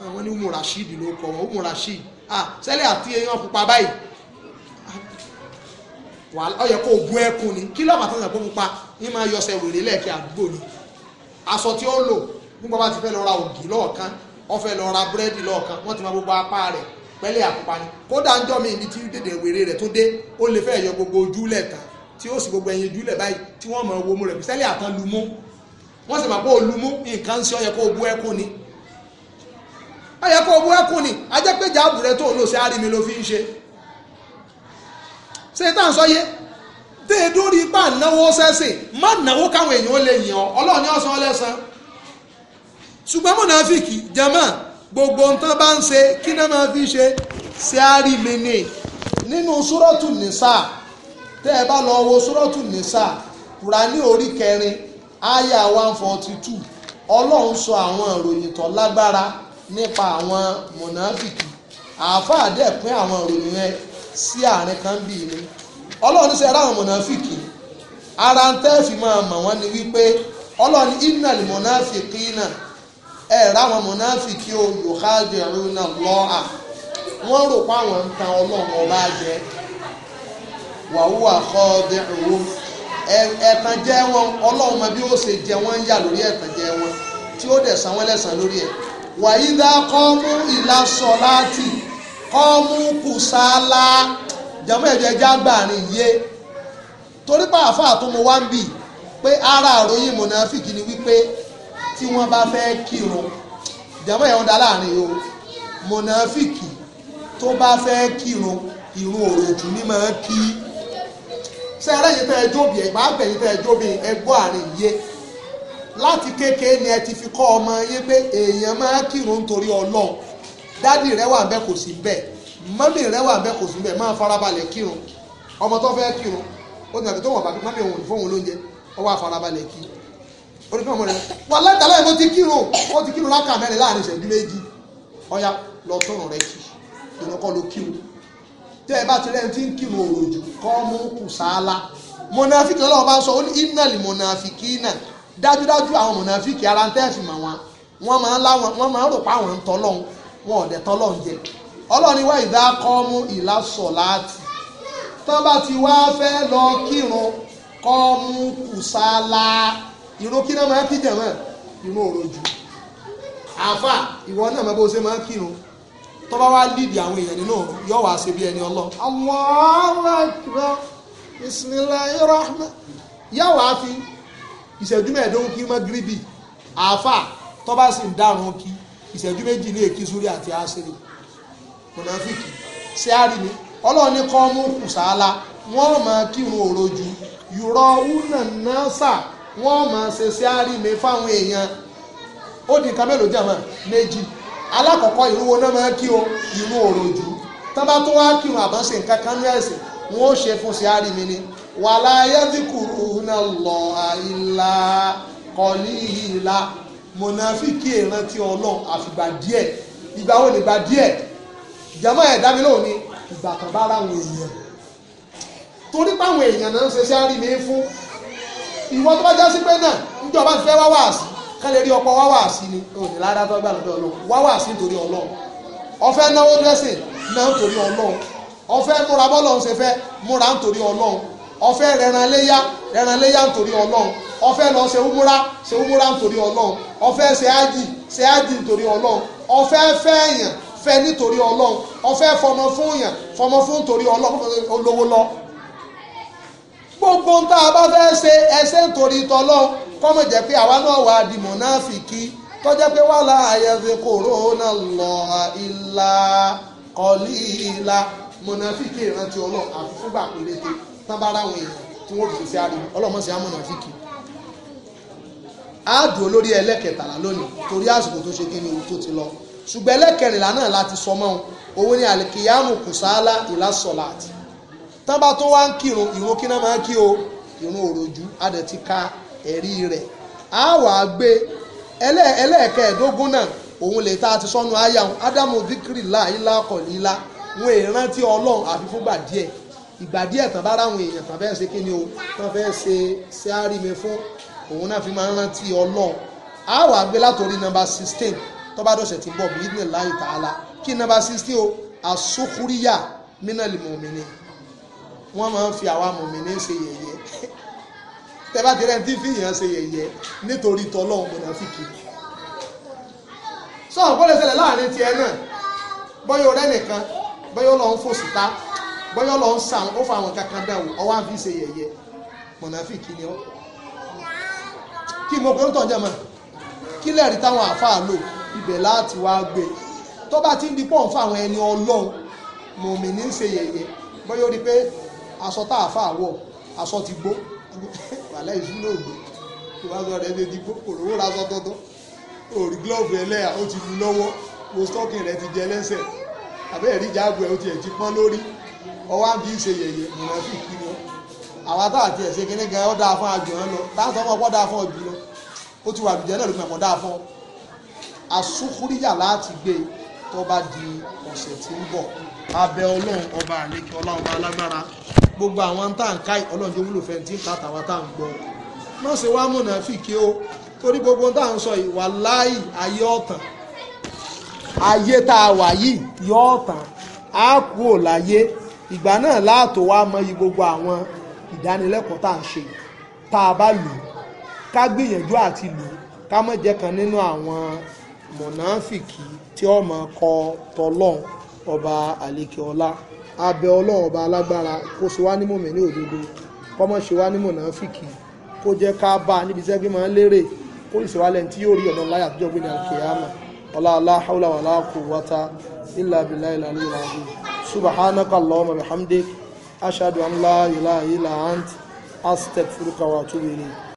àwọn ah, ní umu rasheed ló kọ wọn umu rasheed ah sẹ́lẹ̀ àti eyín wọn pupa báyìí ó yẹ kó ògbó ẹkún ni kí lọ́ọ̀bà tó ń sọ pé pupa ní máa yọ ọsẹ wèrè lẹ́ẹ̀kẹ́ àdúgbò ni aṣọ tí ó lò nígbà bá ti fẹ́ lọ ra ògì lọ́ọ̀kan ó fẹ́ lọ ra búrẹ́dì lọ́ọ̀kan wọ́n ti máa gbogbo apá rẹ̀ pẹ́lẹ́ àpupa ni kódà ń jọ mi ibi tí dèdè wèrè rẹ̀ tó dé ó lè fẹ́ yọ gbogbo ojúlẹ̀ tán tí ó sì gbogbo ẹyin ojúlẹ̀ báyìí tí wọ́n mọ̀ owó mu rẹ̀ sẹ́lẹ̀ àtàn wọ́n sì máa kó olú mú nǹkan ń ṣe ọ yẹ kó bú ẹkún ni ọ yẹ kó bú ẹkún ni ajẹ́pẹ́jà àbúrẹ́ tó lò sí àrími ló fi ń ṣe ṣe tá à ń sọ yé tẹ́ ẹ dórí ipá náwó sẹ́sìn má náwó káwọn èèyàn lè yàn ọlọ́ọ̀ni ọ̀sán ọlẹ́sàn ṣùgbọ́n mọ̀nàfíìkì jẹ́mọ́ gbogbo nǹkan bá ń ṣe kí náà máa fi ṣe ṣe àrími ni nínú sùrọ́tù nìsà tẹ́ ẹ bá lọ wo sùrọ́tù nìsà kùránì orí kẹrin aya 142 ọlọ́run sọ àwọn ìròyìn tó lágbára nípa àwọn mọ̀nàfìkì àáfàá dẹ̀ pín àwọn ìròyìn yẹn sí àárín kan bíi ni ọlọ́run sọ ẹ̀rọ àwọn mọ̀nàfìkì ara ń máa mọ̀ wọ́n ni wípé ọlọ́run innal mọ̀nàfìkìnà ẹ̀rọ àwọn mọ̀nàfìkì o yukhadi'una Allah wọ́n rò pé àwọn ń tan ọlọ́run ọba jẹ wàhùwà ẹ̀tàn jẹ wọn ọlọ́run mọ bí ó ṣe jẹ wọn ń yà lórí ẹ̀tàn jẹ wọn tí ó dẹ̀ san wọ́n lẹ́san lórí ẹ̀ wàyí dá kọ́mú ìlà sọ láti kọ́mú kùsàlà jàmọ́ ẹ̀jẹ̀ jágbàrin yé torí pàáfà tó mo wá ń bì pé ara àròyìn mọ̀nàfíkì ni wípé tí wọ́n bá fẹ́ kírun jàmọ́ ẹ̀wọ̀n dá láàrin o mọ̀nàfíkì tó bá fẹ́ kírun ìrun òròjú ni máa kí. ṣe ẹlẹ́yìn tẹ́ ẹ jóbi ẹ̀ máa bẹ̀yìn tẹ́ ẹ jóbi àárín yé láti ni ẹ fi kọ́ ọmọ yín pé èèyàn máa kírun nítorí ọlọ́run dádì rẹ wà bẹ́ẹ̀ kò sí bẹ́ẹ̀ mọ́mì rẹ wà bẹ́ẹ̀ kò sí bẹ́ẹ̀ máa farabalẹ̀ kírun ọmọ tó fẹ́ kírun ó ní àbí tó wọ̀ bá mọ́mì òun fóun lóúnjẹ ó wà farabalẹ̀ kí onífẹ́ ọmọ rẹ wà látàlá mo ti kírun ó ti kírun láàrin ìṣẹ́jú tẹ́ ẹ bá ti rẹ́ ti ń kírun òròjù kọ́ mú kùsàálà mọ̀nàfíkì ọlọ́run bá sọ ó ní ìmọ̀lì mọ̀nàfíkì náà dájúdájú àwọn mọ̀nàfíkì ara ń tẹ́ẹ̀fì mọ̀ wọn wọ́n máa ń láwọn wọ́n máa ń rò pa àwọn ń tọ́lọ́hún wọn ò dẹ̀ tọ́lọ́hún jẹ ọlọ́run wá ìdá kọ́ mú ìlà sọ̀ láti tán bá ti wá fẹ́ lọ kírun kọ́ mú kùsàálà ìró kí náà máa kí jẹ̀mọ́ ìró òròjù àfà ìwọ náà máa bó ṣe máa kírun tó bá wá líìdì àwọn èèyàn nínú òun yóò wá ṣe bí ẹni ọlọ́run. Allahu akbar bismillahir rahman yóò wá fi ìṣẹ́jú mẹ́ẹ̀ẹ́dógún kí mọ́gíríbì àáfà tó bá sì ń dárun kí ìṣẹ́jú méjì ní èkí súrí àti àṣírí mọ̀nàfíìkì ṣé á rí ni ọlọ́run ní kọ́ mú kùsàálà wọ́n máa kírun òrojú yùrọ̀ wúnà náà sà wọ́n máa ṣe ṣé á fáwọn èèyàn ó di nǹkan jẹ́ mọ́ méjì alákọ̀ọ́kọ́ ìrúwo náà máa ń kí o ìrú òròjú tán bá tó wá kírun àbọ̀nṣe nǹkan kan ní ẹ̀sìn wọn ó ṣe fún síárì mi ni wàlá yẹ́díkùrú náà lọ àìlà kọ́lí ìlà mọ̀nàfíkì ìrántí ọlọ́run àfìgbà díẹ̀ ìgbà wo nìgbà díẹ̀ ìjàmọ́ ẹ̀dá mi lónìí ìgbà kan bá ráwọn èèyàn torí páwọn èèyàn náà ń ṣe síárì mi fún ìwọ́n tó bá já pé náà níjọba ti fẹ́ wá wáàsí kálẹ̀ rí ọ̀pọ̀ wáwà sí ni òní lára tó gbà lọ́dọ̀ ọlọ́run wáwà sí nítorí ọlọ́run ọ̀fẹ́ náwó dẹ́sìn náà nítorí ọlọ́run ọ̀fẹ́ múra bọ́lọ́run ṣe fẹ́ múra nítorí ọlọ́run ọ̀fẹ́ rẹran léyà rẹran léyà nítorí ọlọ́run ọ̀fẹ́ lọ ṣe umura ṣe umura nítorí ọlọ́run ọ̀fẹ́ ṣe ájì ṣe ájì nítorí ọlọ́run ọ̀fẹ́ fẹ́ èèyàn fẹ́ nítorí ọlọ́run ọ̀fẹ́ fọmọ fún èèyàn fọmọ fún nítorí ọlọ́run olówó lọ gbogbo ń tá a bá fẹ́ ṣe ẹsẹ̀ nítorí tọlọ́run kọ́mọ̀ jẹ́ pé àwa náà wà á di mọ̀náfìkì tọ́jẹ́ pé wà láàyè fi kòrónà lọ ìlà kọ́lí ìlà mọ̀náfìkì ìrántí ọlọ́run àfi fúgbà péréte tán bá ráwọn èèyàn tí wọ́n fi sí ariwo ọlọ́mọ sí amọ̀náfìkì. àádùn olórí ẹlẹ́kẹtàlá lónìí torí àsìkò tó ṣe kí ni tó ti lọ ṣùgbọ́n ẹlẹ́kẹrìnlá náà láti sọ mọ́ òun ni àlìkìyàmù kùsàálà ìlàsọ̀lá àti tán bá tó wá ń kírun ìrun kí náà máa kí o ìrun òròjú adẹ̀ ẹ̀rí rẹ̀ á wà á gbé ẹlẹ́ẹ̀kẹ́ẹ̀dógún náà òun lè tá a ti sọnù àyà òun ádámù díkìrì là ilá kọ̀ nílá wọn èèrántí ọlọ́run àfi fúngbà díẹ̀ ìgbà díẹ̀ tán bá ráwọn èèyàn tán fẹ́ẹ́ ṣe kí ni o tán fẹ́ẹ́ ṣe ṣe á rí mi fún òun náà fi máa rántí ọlọ́run á wàá gbé látòrí nọmba sixteen tó bá dọ̀sẹ̀ tí ń bọ̀ bí ìdílé láyé tààlà kí nọmba sixteen o àsókúríyà mínàlì mọ̀mìnì wọ́n máa ń fi àwa mọ̀mìnì ṣe yẹ̀yẹ́ tẹ bá dirẹ́ tí fi yàn ṣe yẹ̀yẹ́ nítorí tọ́lọ́ mọ̀nàfíkì sọ ọ̀gbọ́n lè ṣẹlẹ̀ láàrin tiẹ̀ náà bọ́yọ̀ rẹ nìkan bọ́yọ̀ lọ ń fò síta bọ́yọ̀ lọ ń sàn ó fa àwọn kankan dà wò ọwọ́ àfi ṣe yẹ̀yẹ́ mọ̀nàfíkì ni ó kí mo pé ó tọ̀ jẹ́mọ̀ kí lẹ́ẹ̀rí táwọn àáfàá lò ibẹ̀ láti wá gbé tó bá ti ń di pọ́ùn fún àwọn ẹni ọlọ́run mọ̀mí ní ń ṣe yẹ̀yẹ́ bọ́yọ̀ rí pé aṣọ tá àáfàá wọ̀ aṣọ ti gbó aláìsúná ògbó tó bá sọ rẹ dédí kòkòrò ó ra sọ tuntun òrí glove ẹlẹ́yà ó ti lu lọ́wọ́ mo stocking rẹ ti jẹ lẹ́sẹ̀ àbẹ́ ẹ̀rí jágbo ẹ̀ ó tiẹ̀ ti pọ́n lórí ọwọ́ àbí ìṣe yẹ̀yẹ̀ mìíràn fi kí wọn àwa tá àti ẹ̀ṣẹ̀ kínní gan ọ́ dáa fún àjọ ẹ̀ lọ táwọn ọmọ ọ̀pọ̀ dáa fún ọ̀jù lọ ó ti wà lùjẹ́ náà ló fi dáa fún asúkúríyà láti gbé e tó di ọ̀sẹ̀ tí ń bọ̀ abẹ ọlọ́run ọba àlekí ọlọ́run ọba alágbára gbogbo àwọn tá à ń ká ọlọ́run tó wúlò fẹ́ntì ń tàtà wá tá à ń gbọ́ náà ṣe wá mùnáfìkí o torí gbogbo tá à ń sọ yìí wàláhì ayé ọ̀tàn ayé tá a wà yìí yọ ọ̀tàn á kú ò láyé ìgbà náà láàtò wá mọyì gbogbo àwọn ìdánilẹ́kọ̀ọ́ tá à ń ṣe tá a bá lò ká gbìyànjú àti lò ká má jẹ́ kan nínú àwọn mùnáfìkí tí ọmọ kọ tọlọ́hún ọba àlekè ọlá abẹ ọlọ́run ọba alágbára kó ṣe wá ní mùmínì òdodo kọ́mọ ṣe wá ní mùnáfìkì kó jẹ́ ká bá a níbi sẹ́gbẹ́ máa ń lérè kó ìṣèwálẹ̀ tí yóò rí ọ̀nà láyà tó jọ́gbìn ní alkiyama ọlá aláhàwùlà wàlá quwwata illa billahi aliyil azim subhanaka allahumma bihamdik ashhadu an la ilaha illa ant astaghfiruka wa